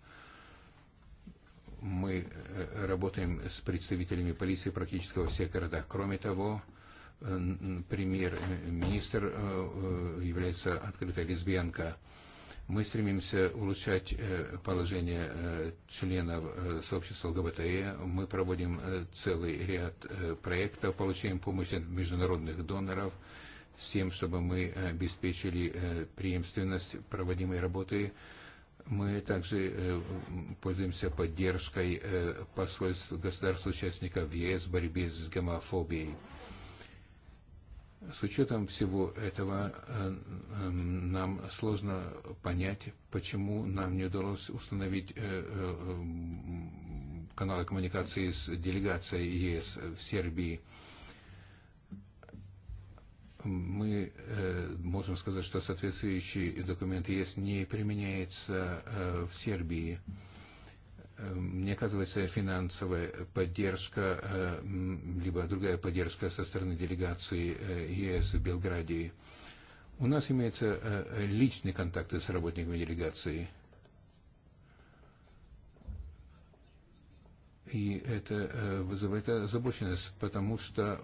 Мы работаем с представителями полиции практически во всех городах. Кроме того, премьер-министр является открытая лесбиянка – Мы стремимся улучшать э, положение э, членов э, сообщества ЛГБТИ. Мы проводим целый ряд проектов, получаем помощь от международных доноров с тем, чтобы мы обеспечили преемственность проводимой работы. Мы также пользуемся поддержкой посольств государств-участников ЕС в борьбе с гомофобией. С учетом всего этого э, э, нам сложно понять, почему нам не удалось установить э, каналы коммуникации с делегацией ЕС в Сербии. Мы можем сказать, что соответствующий документ ЕС не применяется в Сербии. Мне оказывается финансовая поддержка, э, либо другая поддержка со стороны делегации э, ЕС в Белграде. У нас имеются э, личные контакты с работниками делегации. И это вызывает озабоченность, потому что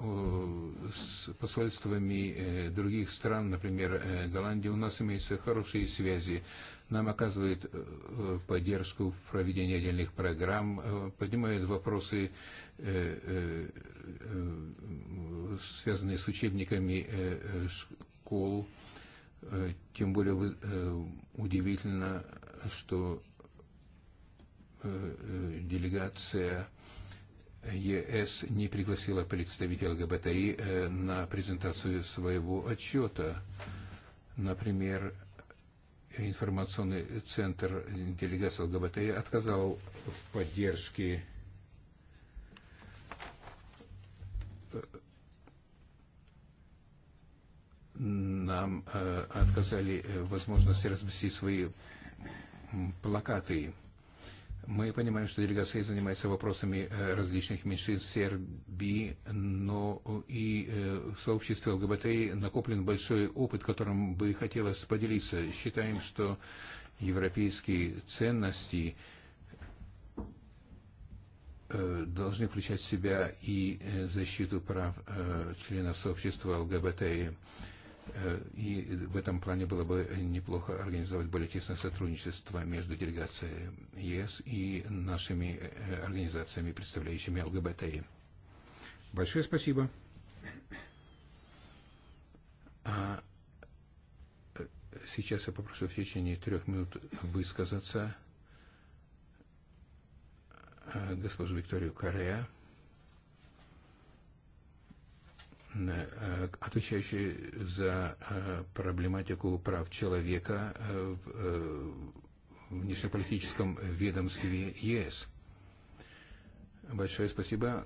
с посольствами других стран, например, Голландии, у нас имеются хорошие связи нам оказывает э, поддержку в проведении отдельных программ, э, поднимает вопросы, э, связанные с учебниками школ. Тем более удивительно, что делегация ЕС не пригласила представителя ГБТИ на презентацию своего отчета. Например, информационный центр делегации ЛГБТ отказал в поддержке нам отказали возможность разместить свои плакаты. Мы понимаем, что делегация занимается вопросами э, различных меньшинств Сербии, но э, и э, в сообществе ЛГБТ накоплен большой опыт, которым бы хотелось поделиться. Считаем, что европейские ценности должны включать в себя и защиту прав членов сообщества ЛГБТ. Э, и в этом плане было бы неплохо организовать более тесное сотрудничество между делегацией ЕС и нашими э, организациями, представляющими ЛГБТИ. Большое спасибо. А э, сейчас я попрошу в течение трех минут высказаться госпожу Викторию Корея. отвечающий за проблематику прав человека в внешнеполитическом ведомстве ЕС. Большое спасибо.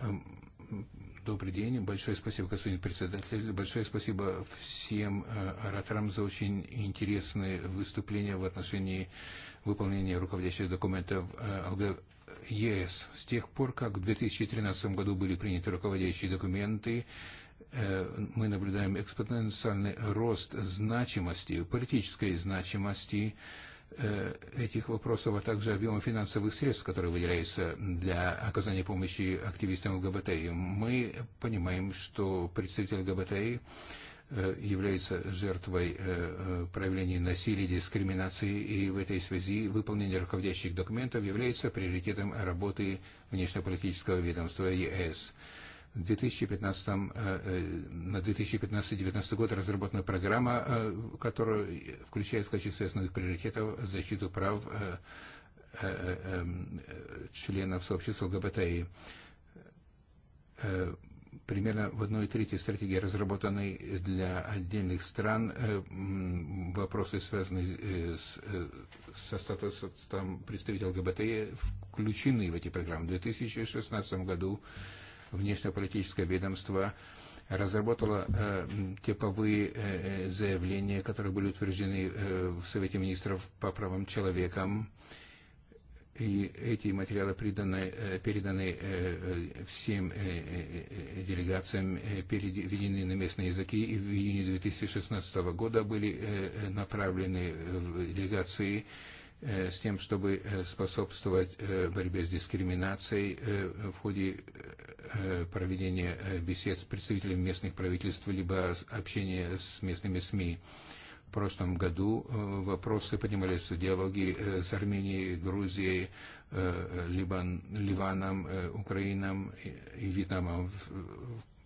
Добрый день. Большое спасибо, господин председатель. Большое спасибо всем э, ораторам за очень интересные выступления в отношении выполнения руководящих документов э, ЕС. С тех пор, как в 2013 году были приняты руководящие документы, Э, мы наблюдаем экспоненциальный рост значимости, политической значимости э, этих вопросов, а также объема финансовых средств, которые выделяются для оказания помощи активистам ЛГБТ. И мы понимаем, что представитель ЛГБТ э, является жертвой проявлений насилия, дискриминации, и в этой связи выполнение руководящих документов является приоритетом работы внешнеполитического ведомства ЕС. В 2015, э, э, на 2015-2019 год разработана программа, э, которая включает в качестве основных приоритетов защиту прав членов сообщества ЛГБТИ. Примерно в одной трети стратегии разработаны для отдельных стран вопросы, связанные с, со статусом представителей ЛГБТИ, включены в эти программы. В 2016 году внешнеполитическое ведомство разработало э, типовые э, э, заявления, которые были утверждены э, в Совете министров по правам человека. И эти материалы приданы, э, переданы э, э всем э, э, делегациям, э, переведены на местные языки, и в июне 2016 года были э, направлены в делегации э, с тем, чтобы способствовать э, борьбе с дискриминацией э, в ходе Э, проведение э, бесед с представителями местных правительств, либо общение с местными СМИ. В прошлом году э, вопросы поднимались в диалоге с Арменией, Грузией, Ливан, Ливаном, Украином и Вьетнамом.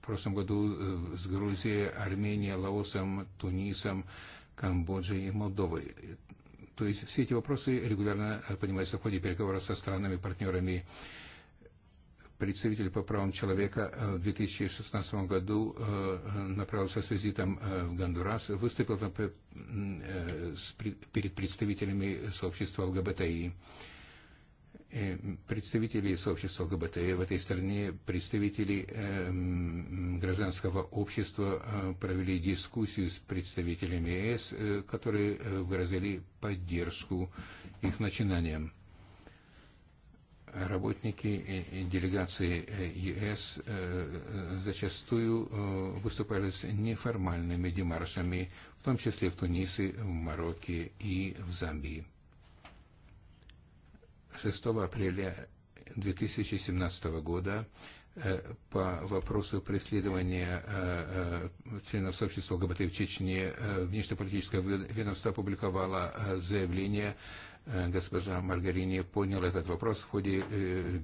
В прошлом году с Грузией, Арменией, Лаосом, Тунисом, Камбоджей и Молдовой. То есть все эти вопросы регулярно поднимаются в ходе переговоров со странами, партнерами представитель по правам человека э, в 2016 году э, направился с визитом э, в Гондурас, выступил там перед представителями сообщества ЛГБТИ. Представители сообщества ЛГБТИ в этой стране, представители гражданского общества провели дискуссию с представителями ЕС, которые выразили поддержку их начинаниям работники делегации э, ЕС э, зачастую э, выступали с неформальными демаршами, в том числе в Тунисе, в Марокке и в Замбии. 6 апреля 2017 года Э, по вопросу преследования э, э, членов сообщества ЛГБТ в Чечне. Внешнеполитическое ведомство опубликовало заявление. Госпожа Маргарини поняла этот вопрос в ходе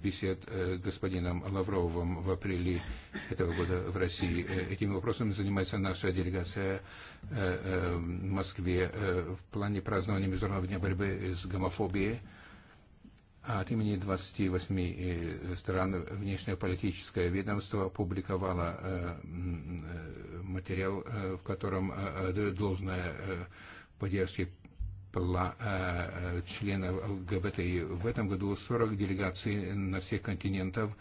бесед с господином Лавровым в апреле этого года в России. Этим вопросом занимается наша делегация в Москве в плане празднования Международного дня борьбы с гомофобией. От имени 28 э, стран политическое ведомство опубликовало э, э, материал, в котором должное поддержки членов ЛГБТ. В этом году 40 делегаций на всех континентах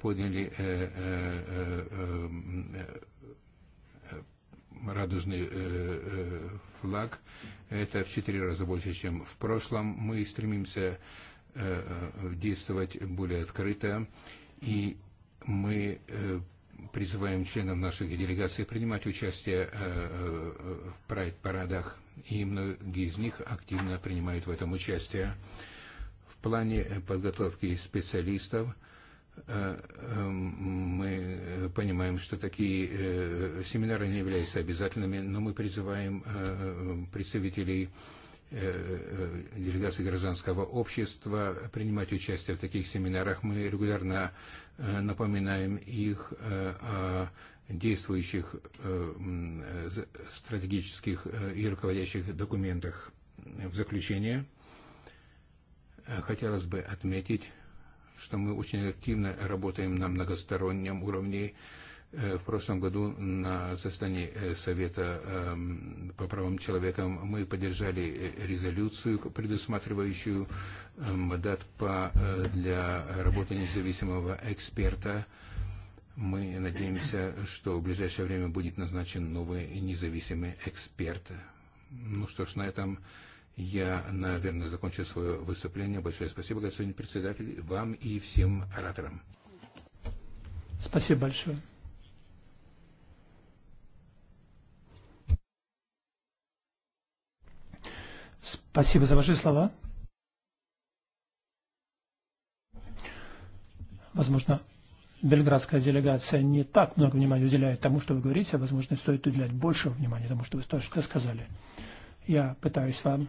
подняли радужный флаг. Это в четыре раза больше, чем в прошлом. Мы стремимся Э, э, действовать более открыто. И мы э, призываем членов наших делегаций принимать участие в прайд-парадах, и многие из них активно принимают в этом участие. В плане подготовки специалистов мы понимаем, что такие семинары не являются обязательными, но мы призываем представителей Э, э, делегации гражданского общества принимать участие в таких семинарах. Мы регулярно э, напоминаем их о действующих стратегических и руководящих документах. В заключение хотелось бы отметить, что мы очень активно работаем на многостороннем уровне В прошлом году на заседании э, Совета по правам человека мы поддержали э, резолюцию, предусматривающую мандат э, для работы независимого эксперта. Мы надеемся, что в ближайшее время будет назначен новый независимый эксперт. Ну что ж, на этом я, наверное, закончу свое выступление. Большое спасибо, господин председатель, вам и всем ораторам. Спасибо большое. Спасибо за ваши слова. Возможно, бельградская делегация не так много внимания уделяет тому, что вы говорите, а, возможно, стоит уделять больше внимания тому, что вы тоже сказали. Я пытаюсь вам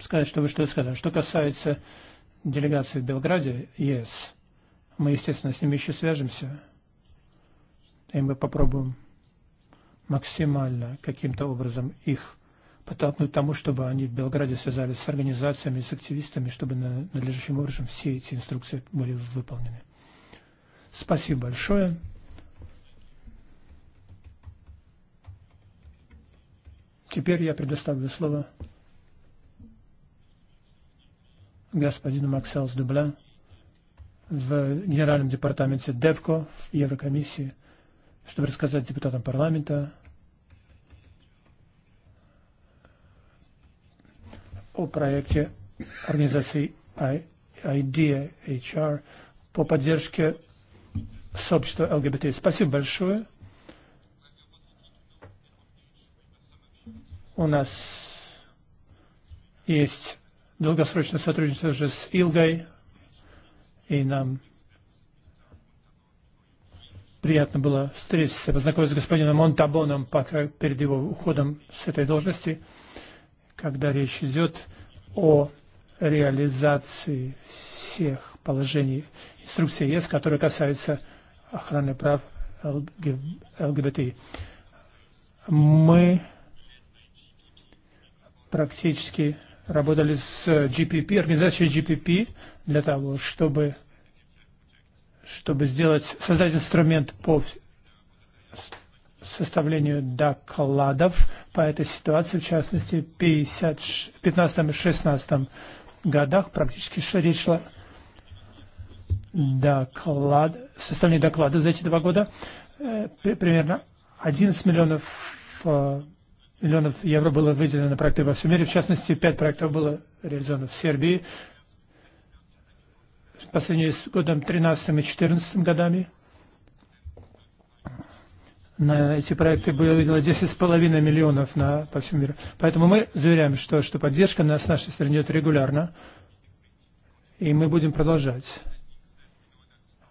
сказать, что вы что сказали. Что касается делегации в Белграде, ЕС, yes, мы, естественно, с ними еще свяжемся, и мы попробуем максимально каким-то образом их тому, чтобы они в Белграде связались с организациями, с активистами, чтобы надлежащим образом все эти инструкции были выполнены. Спасибо большое. Теперь я предоставлю слово господину Макселс Дубля в Генеральном департаменте ДЕВКО в Еврокомиссии, чтобы рассказать депутатам парламента о проекте организации IDEA-HR по поддержке сообщества ЛГБТ. Спасибо большое. У нас есть долгосрочное сотрудничество уже с Илгой, и нам приятно было встретиться, познакомиться с господином Монтабоном пока перед его уходом с этой должности когда речь идет о реализации всех положений инструкции ЕС, которые касаются охраны прав ЛГБТ. Мы практически работали с GPP, организацией GPP, для того, чтобы, чтобы сделать, создать инструмент по составлению докладов по этой ситуации, в частности, в 15 и 16 годах практически речь шла доклад, составление доклада за эти два года э, примерно 11 миллионов, э, миллионов евро было выделено на проекты во всем мире. В частности, 5 проектов было реализовано в Сербии. Последние годы годом 13 и 14 годами на эти проекты было выделено 10,5 миллионов на, по всему миру. Поэтому мы заверяем, что, что поддержка нас с нашей стороны идет регулярно, и мы будем продолжать.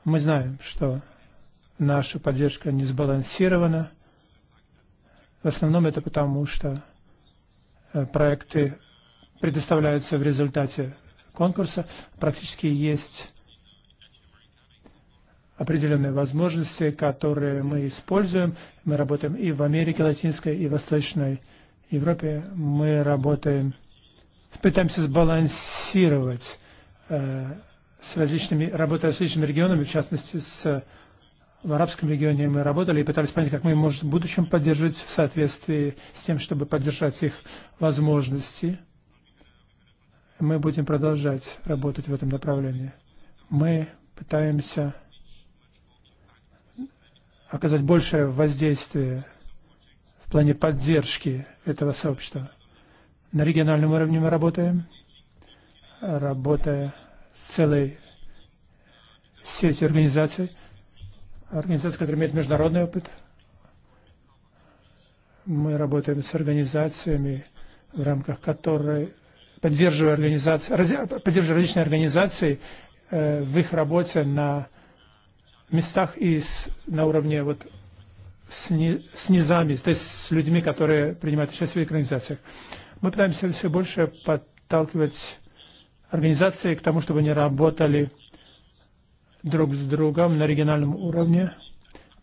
Мы знаем, что наша поддержка не сбалансирована. В основном это потому, что э, проекты предоставляются в результате конкурса. Практически есть определенные возможности, которые мы используем. Мы работаем и в Америке Латинской, и в Восточной Европе. Мы работаем, пытаемся сбалансировать э, с различными, работая с различными регионами, в частности, с в арабском регионе мы работали и пытались понять, как мы можем в будущем поддержать в соответствии с тем, чтобы поддержать их возможности. Мы будем продолжать работать в этом направлении. Мы пытаемся оказать большее воздействие в плане поддержки этого сообщества. На региональном уровне мы работаем, работая с целой сетью организаций, организаций, которые имеют международный опыт. Мы работаем с организациями, в рамках которой поддерживая, организации, поддерживая различные организации э, в их работе на местах и с, на уровне вот с, не, с низами, то есть с людьми, которые принимают участие в экранизациях. Мы пытаемся все больше подталкивать организации к тому, чтобы они работали друг с другом на региональном уровне.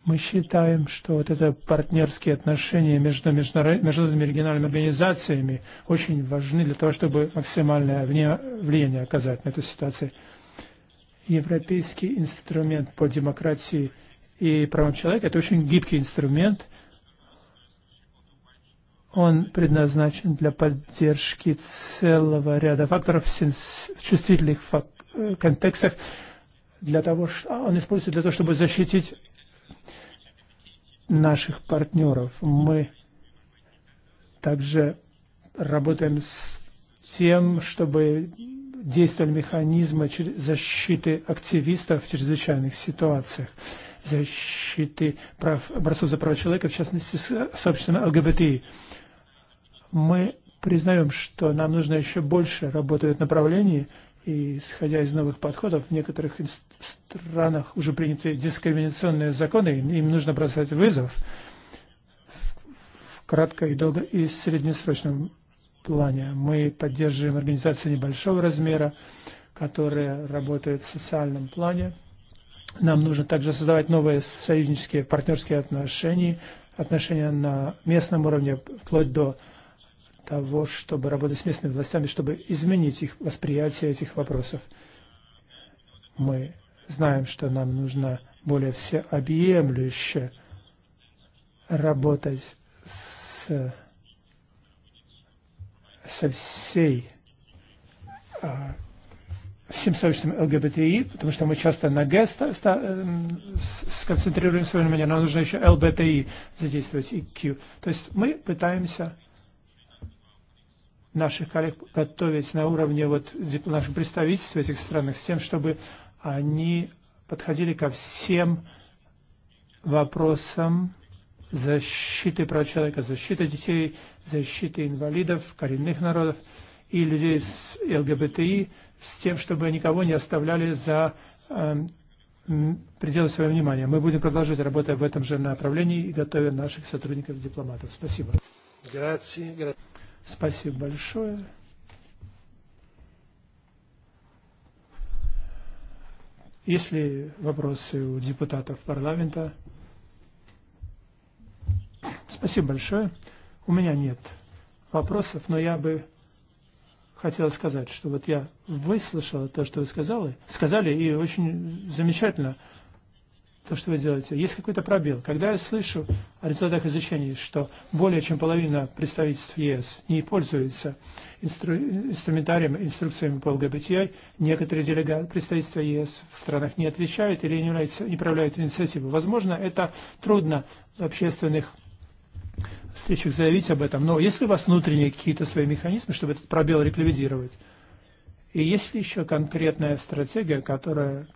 Мы считаем, что вот это партнерские отношения между международными региональными организациями очень важны для того, чтобы максимальное влияние оказать на эту ситуацию европейский инструмент по демократии и правам человека. Это очень гибкий инструмент. Он предназначен для поддержки целого ряда факторов в чувствительных фак э, контекстах. Для того, он используется для того, чтобы защитить наших партнеров. Мы также работаем с тем, чтобы действовали механизмы защиты активистов в чрезвычайных ситуациях, защиты прав, борцов за права человека, в частности, сообществом ЛГБТИ. Мы признаем, что нам нужно еще больше работать в этом направлении, и, исходя из новых подходов, в некоторых странах уже приняты дискриминационные законы, им нужно бросать вызов в кратко и долго и среднесрочном плане. Мы поддерживаем организации небольшого размера, которые работают в социальном плане. Нам нужно также создавать новые союзнические партнерские отношения, отношения на местном уровне, вплоть до того, чтобы работать с местными властями, чтобы изменить их восприятие этих вопросов. Мы знаем, что нам нужно более всеобъемлюще работать с со всей всем сообществом ЛГБТИ, потому что мы часто на Г сконцентрируем свое внимание, нам нужно еще ЛБТИ задействовать и Q. То есть мы пытаемся наших коллег готовить на уровне вот наших представительств этих странах с тем, чтобы они подходили ко всем вопросам защиты прав человека, защиты детей, защиты инвалидов, коренных народов и людей с ЛГБТИ, с тем, чтобы никого не оставляли за э, пределы своего внимания. Мы будем продолжать работать в этом же направлении и готовим наших сотрудников-дипломатов. Спасибо. Grazie, grazie. Спасибо большое. Есть ли вопросы у депутатов парламента? Спасибо большое. У меня нет вопросов, но я бы хотел сказать, что вот я выслушал то, что вы сказали, сказали, и очень замечательно то, что вы делаете. Есть какой-то пробел. Когда я слышу о результатах изучений, что более чем половина представительств ЕС не пользуются инстру инструментарием, инструкциями по ЛГБТИ, некоторые делега представительства ЕС в странах не отвечают или не, являются, не проявляют инициативу. Возможно, это трудно в общественных встречах заявить об этом. Но есть ли у вас внутренние какие-то свои механизмы, чтобы этот пробел ликвидировать? И есть ли еще конкретная стратегия, которая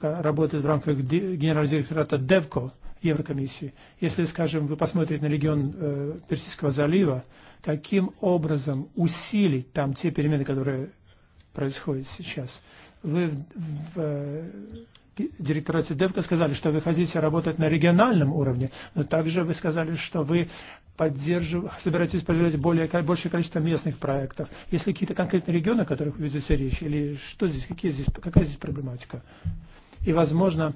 работает в рамках генерального директората ДЕВКО Еврокомиссии? Если, скажем, вы посмотрите на регион э, Персидского залива, каким образом усилить там те перемены, которые происходят сейчас? Вы в, в, Директора Девка сказали, что вы хотите работать на региональном уровне, но также вы сказали, что вы поддержив... собираетесь поддержать более, большее количество местных проектов. Есть ли какие-то конкретные регионы, о которых ведется речь, или что здесь, какие здесь, какая здесь проблематика? И, возможно,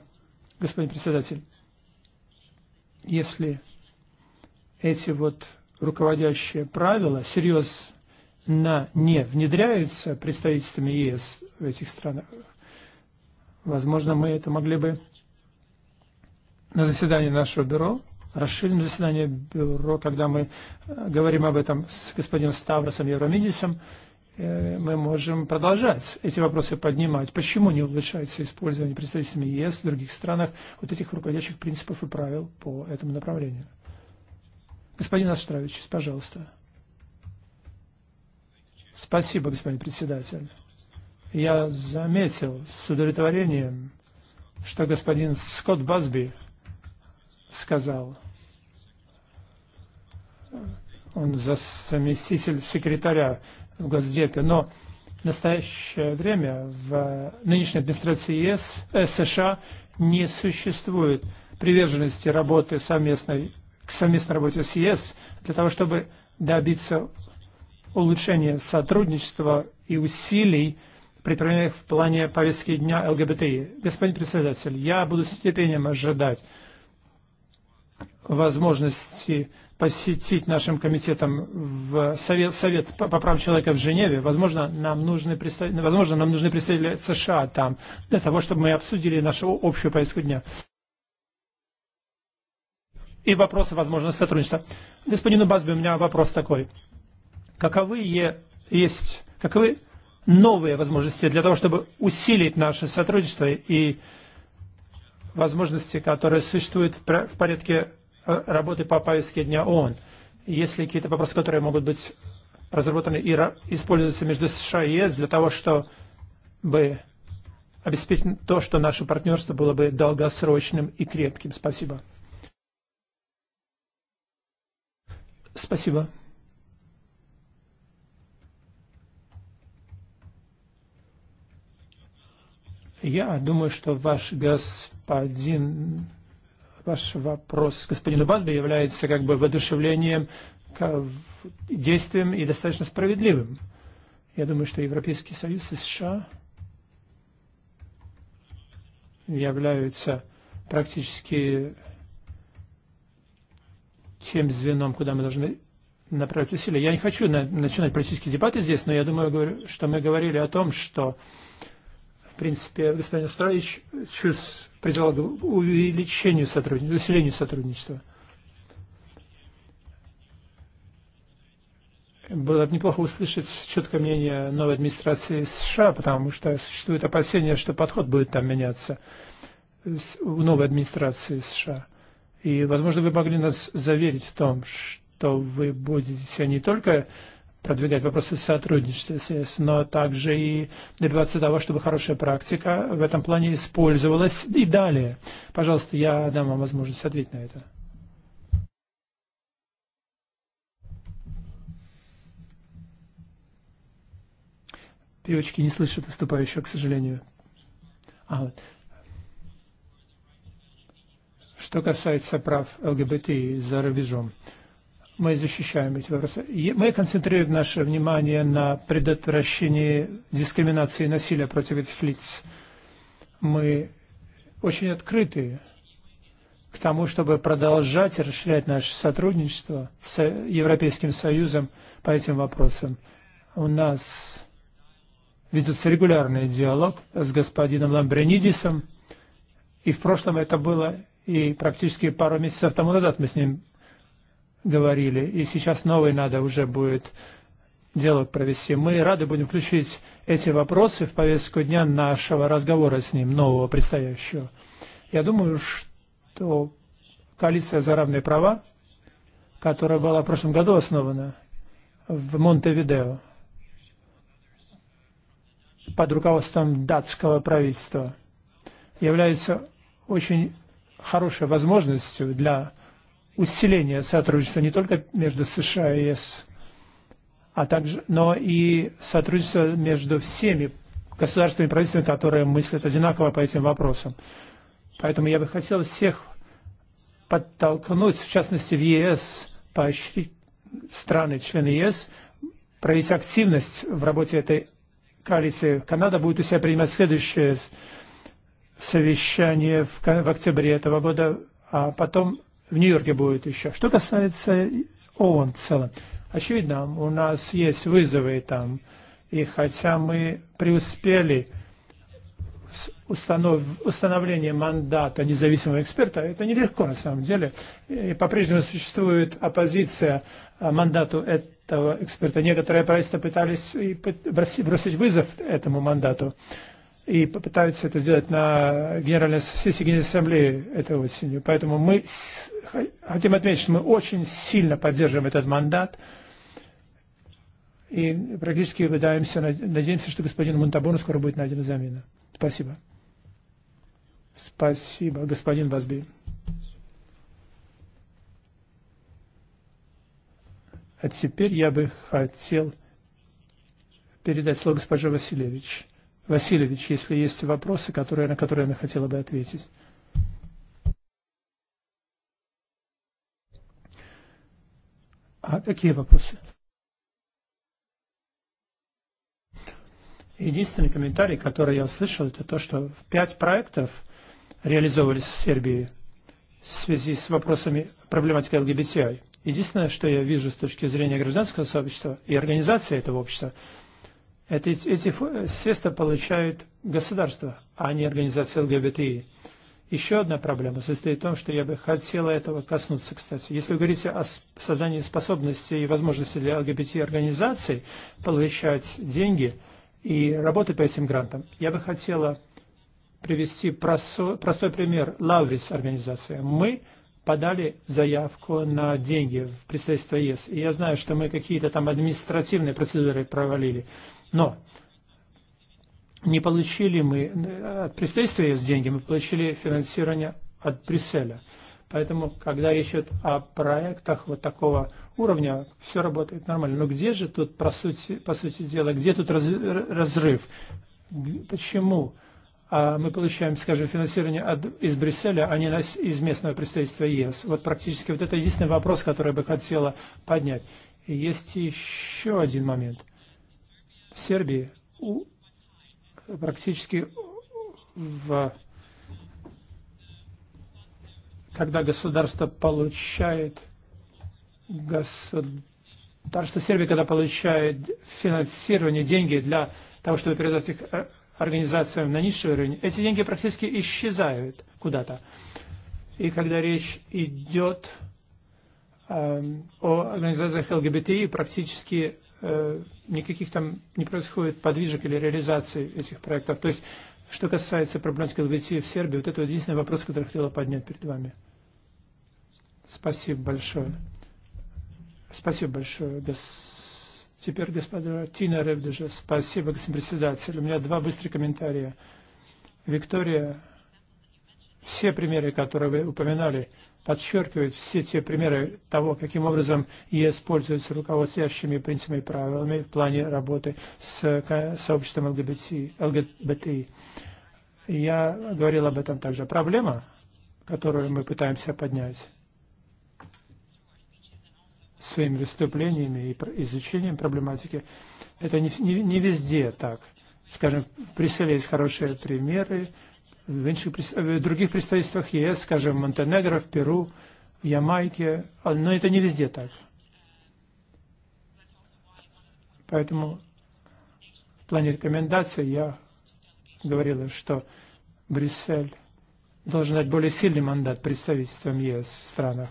господин председатель, если эти вот руководящие правила серьезно не внедряются представительствами ЕС в этих странах, Возможно, мы это могли бы на заседании нашего бюро, расширим заседание бюро, когда мы э, говорим об этом с господином Ставросом Евромидисом, э, мы можем продолжать эти вопросы поднимать. Почему не улучшается использование представителями ЕС в других странах вот этих руководящих принципов и правил по этому направлению? Господин Астравич, пожалуйста. Спасибо, господин председатель я заметил с удовлетворением, что господин Скотт Басби сказал, он за заместитель секретаря в Госдепе, но в настоящее время в нынешней администрации ЕС, э, США не существует приверженности работы совместной, к совместной работе с ЕС для того, чтобы добиться улучшения сотрудничества и усилий предпринимаемых в плане повестки дня ЛГБТИ. Господин председатель, я буду с нетерпением ожидать возможности посетить нашим комитетом в Совет, Совет по правам человека в Женеве. Возможно, нам нужны представители, возможно, нам нужны представители США там, для того, чтобы мы обсудили нашу общую повестку дня. И вопросы, возможно, сотрудничества. Господину Базби, у меня вопрос такой. Каковы есть, каковы новые возможности для того, чтобы усилить наше сотрудничество и возможности, которые существуют в порядке э, работы по повестке дня ООН. Есть ли какие-то вопросы, которые могут быть разработаны и используются между США и ЕС для того, чтобы обеспечить то, что наше партнерство было бы долгосрочным и крепким? Спасибо. Спасибо. Я думаю, что ваш господин, ваш вопрос господину Базбе является как бы воодушевлением к действиям и достаточно справедливым. Я думаю, что Европейский Союз и США являются практически тем звеном, куда мы должны направить усилия. Я не хочу на, начинать политические дебаты здесь, но я думаю, что мы говорили о том, что В принципе, господин Устраевич ШУС призвал к увеличению сотрудничества, усилению сотрудничества. Было бы неплохо услышать четкое мнение новой администрации США, потому что существует опасение, что подход будет там меняться у новой администрации США. И, возможно, вы могли нас заверить в том, что вы будете не только продвигать вопросы сотрудничества но также и добиваться того, чтобы хорошая практика в этом плане использовалась и далее. Пожалуйста, я дам вам возможность ответить на это. Певочки не слышат выступающего, к сожалению. А, вот. Что касается прав ЛГБТ за рубежом мы защищаем эти вопросы. Мы концентрируем наше внимание на предотвращении дискриминации и насилия против этих лиц. Мы очень открыты к тому, чтобы продолжать расширять наше сотрудничество с Европейским Союзом по этим вопросам. У нас ведется регулярный диалог с господином Ламбренидисом, и в прошлом это было, и практически пару месяцев тому назад мы с ним говорили, и сейчас новый надо уже будет диалог провести. Мы рады будем включить эти вопросы в повестку дня нашего разговора с ним, нового предстоящего. Я думаю, что коалиция за равные права, которая была в прошлом году основана в Монтевидео под руководством датского правительства, является очень хорошей возможностью для усиление сотрудничества не только между США и ЕС, а также, но и сотрудничество между всеми государственными правительствами, которые мыслят одинаково по этим вопросам. Поэтому я бы хотел всех подтолкнуть, в частности в ЕС, поощрить страны, члены ЕС, проявить активность в работе этой коалиции. Канада будет у себя принимать следующее совещание в, в октябре этого года, а потом в Нью-Йорке будет еще. Что касается ООН в целом, очевидно, у нас есть вызовы там, и хотя мы преуспели установление мандата независимого эксперта, это нелегко на самом деле, и по-прежнему существует оппозиция мандату этого эксперта. Некоторые правительства пытались бросить вызов этому мандату и попытаются это сделать на Генеральной сессии Генеральной Ассамблеи этой осенью. Поэтому мы хотим отметить, что мы очень сильно поддерживаем этот мандат и практически выдаемся, надеемся, что господин Монтабону скоро будет найдена замена. Спасибо. Спасибо, господин Базби. А теперь я бы хотел передать слово госпоже Васильевичу. Васильевич, если есть вопросы, которые, на которые она хотела бы ответить. А какие вопросы? Единственный комментарий, который я услышал, это то, что пять проектов реализовывались в Сербии в связи с вопросами проблематики ЛГБТИ. Единственное, что я вижу с точки зрения гражданского сообщества и организации этого общества – Это, эти э, средства получают государство, а не организации ЛГБТИ. Еще одна проблема состоит в том, что я бы хотела этого коснуться, кстати. Если вы говорите о создании способностей и возможности для ЛГБТ-организаций получать деньги и работать по этим грантам, я бы хотела привести простой, пример Лаврис организация. Мы подали заявку на деньги в представительство ЕС. И я знаю, что мы какие-то там административные процедуры провалили. Но не получили мы э, от представительства есть деньги, мы получили финансирование от Брюсселя. Поэтому, когда речь идет о проектах вот такого уровня, все работает нормально. Но где же тут, по сути, по сути дела, где тут раз, разрыв? Почему а мы получаем, скажем, финансирование от, из Брюсселя, а не из местного представительства ЕС? Вот практически вот это единственный вопрос, который я бы хотела поднять. И есть еще один момент – в Сербии у, практически в когда государство получает государство Сербии, когда получает финансирование, деньги для того, чтобы передать их э, организациям на низший уровень, эти деньги практически исчезают куда-то. И когда речь идет э, о организациях ЛГБТИ, практически Э, никаких там не происходит подвижек или реализации этих проектов. То есть, что касается проблем с ЛГБТ в Сербии, вот это единственный вопрос, который я хотела поднять перед вами. Спасибо большое. Спасибо большое. Гос... Теперь, господа Тина Ревдежа, спасибо, господин председатель. У меня два быстрых комментария. Виктория, все примеры, которые вы упоминали, подчеркивает все те примеры того, каким образом ЕС пользуется руководствующими принципами и правилами в плане работы с сообществом ЛГБТ, ЛГБТИ. Я говорил об этом также. Проблема, которую мы пытаемся поднять своими выступлениями и изучением проблематики, это не, не, не везде так. Скажем, в Брюсселе есть хорошие примеры, Э, в других представительствах ЕС, скажем, в Монтенегро, в Перу, в Ямайке, но это не везде так. Поэтому в плане рекомендаций я говорил, что Брюссель должен дать более сильный мандат представительствам ЕС в странах,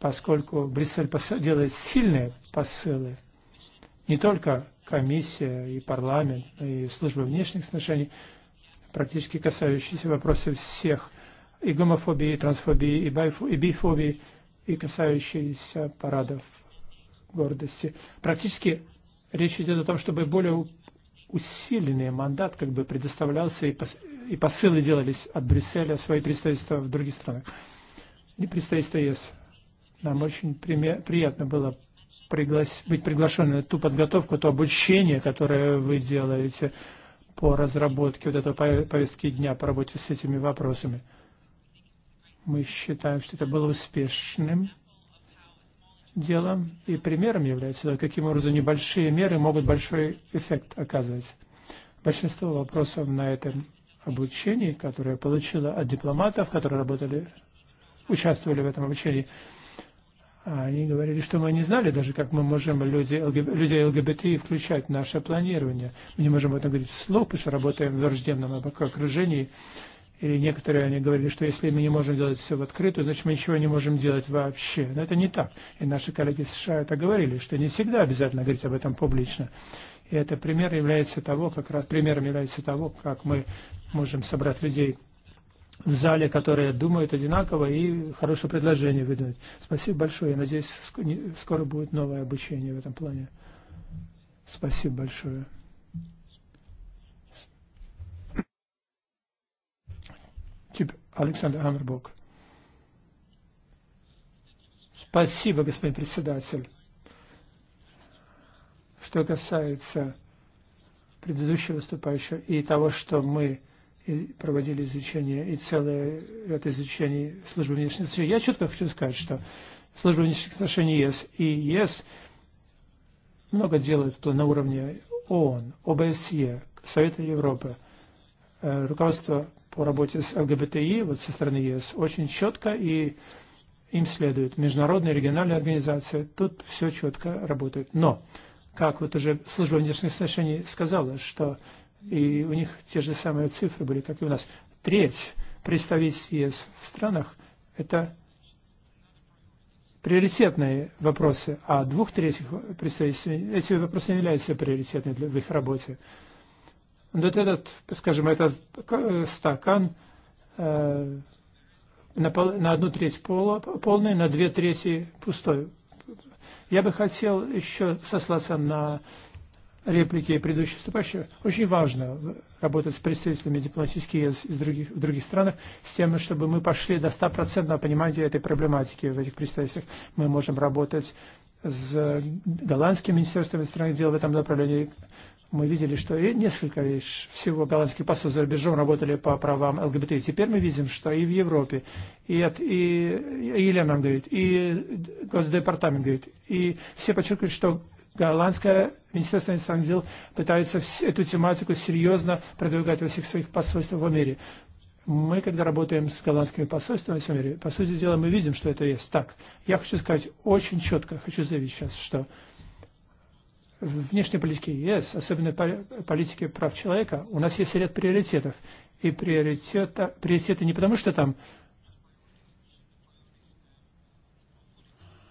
поскольку Брюссель делает сильные посылы, не только комиссия и парламент, и служба внешних отношений – практически касающиеся вопросов всех и гомофобии, и трансфобии, и, байфо, и бифобии, и касающиеся парадов гордости. Практически речь идет о том, чтобы более усиленный мандат как бы предоставлялся и, пос, и посылы делались от Брюсселя, свои представительства в других странах. И представительство ЕС. Нам очень приятно было быть приглашены на ту подготовку, то обучение, которое вы делаете по разработке вот этого повестки дня по работе с этими вопросами. Мы считаем, что это было успешным делом, и примером является, каким образом небольшие меры могут большой эффект оказывать. Большинство вопросов на этом обучении, которое я получила от дипломатов, которые работали, участвовали в этом обучении, Они говорили, что мы не знали даже, как мы можем люди, людей ЛГБТ включать в наше планирование. Мы не можем об этом говорить вслух, потому что работаем в враждебном окружении. И некоторые они говорили, что если мы не можем делать все в открытую, значит мы ничего не можем делать вообще. Но это не так. И наши коллеги из США это говорили, что не всегда обязательно говорить об этом публично. И это пример является того, как раз примером является того, как мы можем собрать людей в зале, которые думают одинаково и хорошее предложение выдают. Спасибо большое. Я надеюсь, скоро будет новое обучение в этом плане. Спасибо большое. Александр Амербок. Спасибо, господин председатель. Что касается предыдущего выступающего и того, что мы и проводили изучение, и целое ряд изучений службы внешних отношений. Я четко хочу сказать, что служба внешних отношений ЕС и ЕС много делают на уровне ООН, ОБСЕ, Совета Европы, э, руководство по работе с ЛГБТИ вот со стороны ЕС очень четко и им следует. Международные региональные организации, тут все четко работает. Но, как вот уже служба внешних отношений сказала, что и у них те же самые цифры были, как и у нас. Треть представительств ЕС в странах – это приоритетные вопросы, а двух третьих представительств эти вопросы не являются приоритетными для, в их работе. Вот этот, скажем, этот э, стакан э, на, пол, на одну треть пола, полный, на две трети пустой. Я бы хотел еще сослаться на реплики предыдущих выступающих, очень важно работать с представителями дипломатических из, из других, в других странах, с тем, чтобы мы пошли до стопроцентного понимания этой проблематики в этих представителях. Мы можем работать с голландским министерством иностранных дел в этом направлении. Мы видели, что и несколько лишь всего голландских посол за рубежом работали по правам ЛГБТ. И теперь мы видим, что и в Европе, и, от, и, и Елена нам говорит, и Госдепартамент говорит, и все подчеркивают, что голландское Министерство иностранных дел пытается эту тематику серьезно продвигать во всех своих посольствах в мире. Мы, когда работаем с голландскими посольствами в мире, по сути дела, мы видим, что это есть так. Я хочу сказать очень четко, хочу заявить сейчас, что в внешней политике, ЕС, особенно политике прав человека, у нас есть ряд приоритетов. И приоритета, приоритеты не потому, что там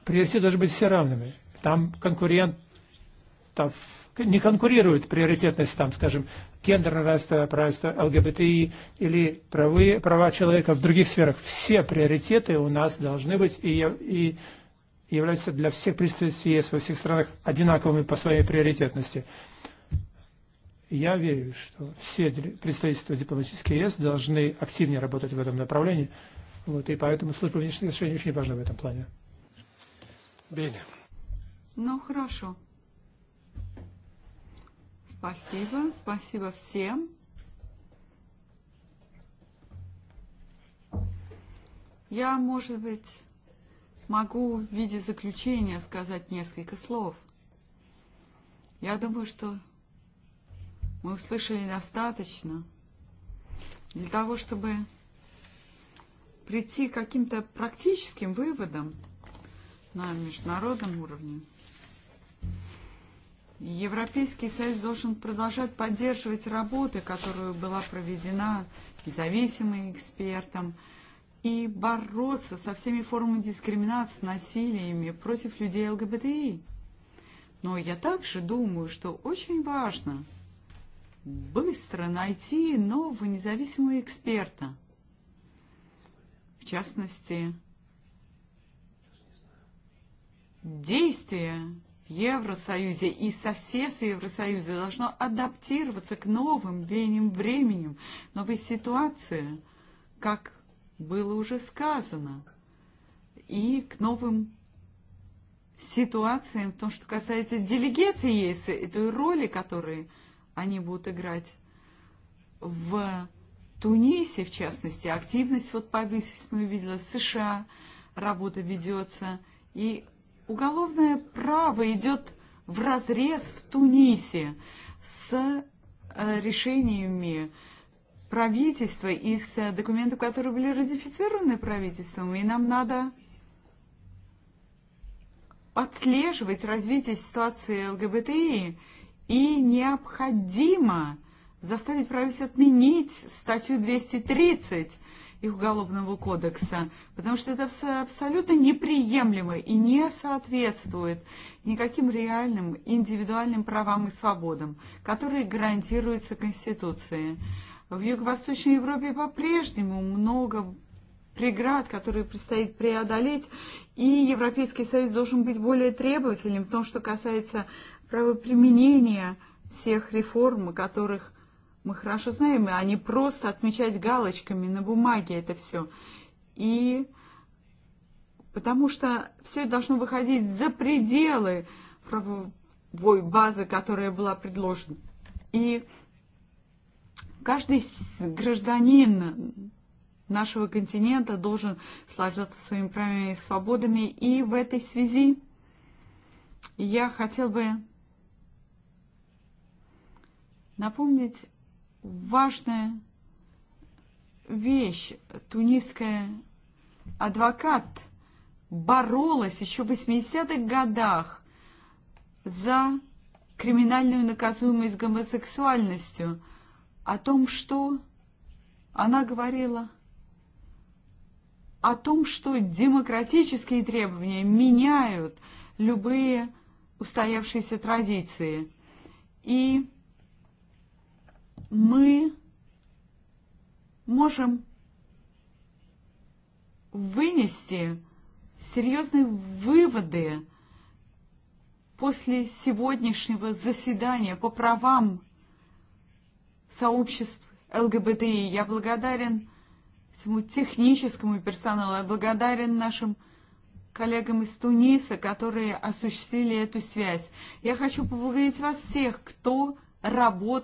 приоритеты должны быть все равными. Там конкурент там не конкурируют приоритетность, там, скажем, гендерное равенство, правительства ЛГБТИ или правы, права человека в других сферах. Все приоритеты у нас должны быть и, и являются для всех представителей ЕС во всех странах одинаковыми по своей приоритетности. Я верю, что все представительства дипломатических ЕС должны активнее работать в этом направлении. Вот, и поэтому служба внешних отношений очень важна в этом плане. Ну, хорошо. Спасибо, спасибо всем. Я, может быть, могу в виде заключения сказать несколько слов. Я думаю, что мы услышали достаточно для того, чтобы прийти к каким-то практическим выводам на международном уровне. Европейский Союз должен продолжать поддерживать работу, которая была проведена независимым экспертом, и бороться со всеми формами дискриминации, насилиями против людей ЛГБТИ. Но я также думаю, что очень важно быстро найти нового независимого эксперта. В частности, действия Евросоюзе и соседство Евросоюза должно адаптироваться к новым веням временем, новой ситуации, как было уже сказано, и к новым ситуациям в том, что касается делегации ЕС и той роли, которую они будут играть в Тунисе, в частности, активность вот повысилась, мы увидели, в США работа ведется, и уголовное право идет в разрез в Тунисе с э, решениями правительства и с документов, которые были ратифицированы правительством, и нам надо отслеживать развитие ситуации ЛГБТИ, и необходимо заставить правительство отменить статью 230 и Уголовного кодекса, потому что это абсолютно неприемлемо и не соответствует никаким реальным индивидуальным правам и свободам, которые гарантируются Конституцией. В Юго-Восточной Европе по-прежнему много преград, которые предстоит преодолеть, и Европейский Союз должен быть более требовательным в том, что касается правоприменения всех реформ, которых мы хорошо знаем, а не просто отмечать галочками на бумаге это все. И потому что все это должно выходить за пределы правовой базы, которая была предложена. И каждый гражданин нашего континента должен сложиться своими правами и свободами. И в этой связи я хотел бы напомнить важная вещь. Тунисская адвокат боролась еще в 80-х годах за криминальную наказуемость гомосексуальностью, о том, что она говорила о том, что демократические требования меняют любые устоявшиеся традиции. И мы можем вынести серьезные выводы после сегодняшнего заседания по правам сообществ ЛГБТИ. Я благодарен всему техническому персоналу, я благодарен нашим коллегам из Туниса, которые осуществили эту связь. Я хочу поблагодарить вас всех, кто работает.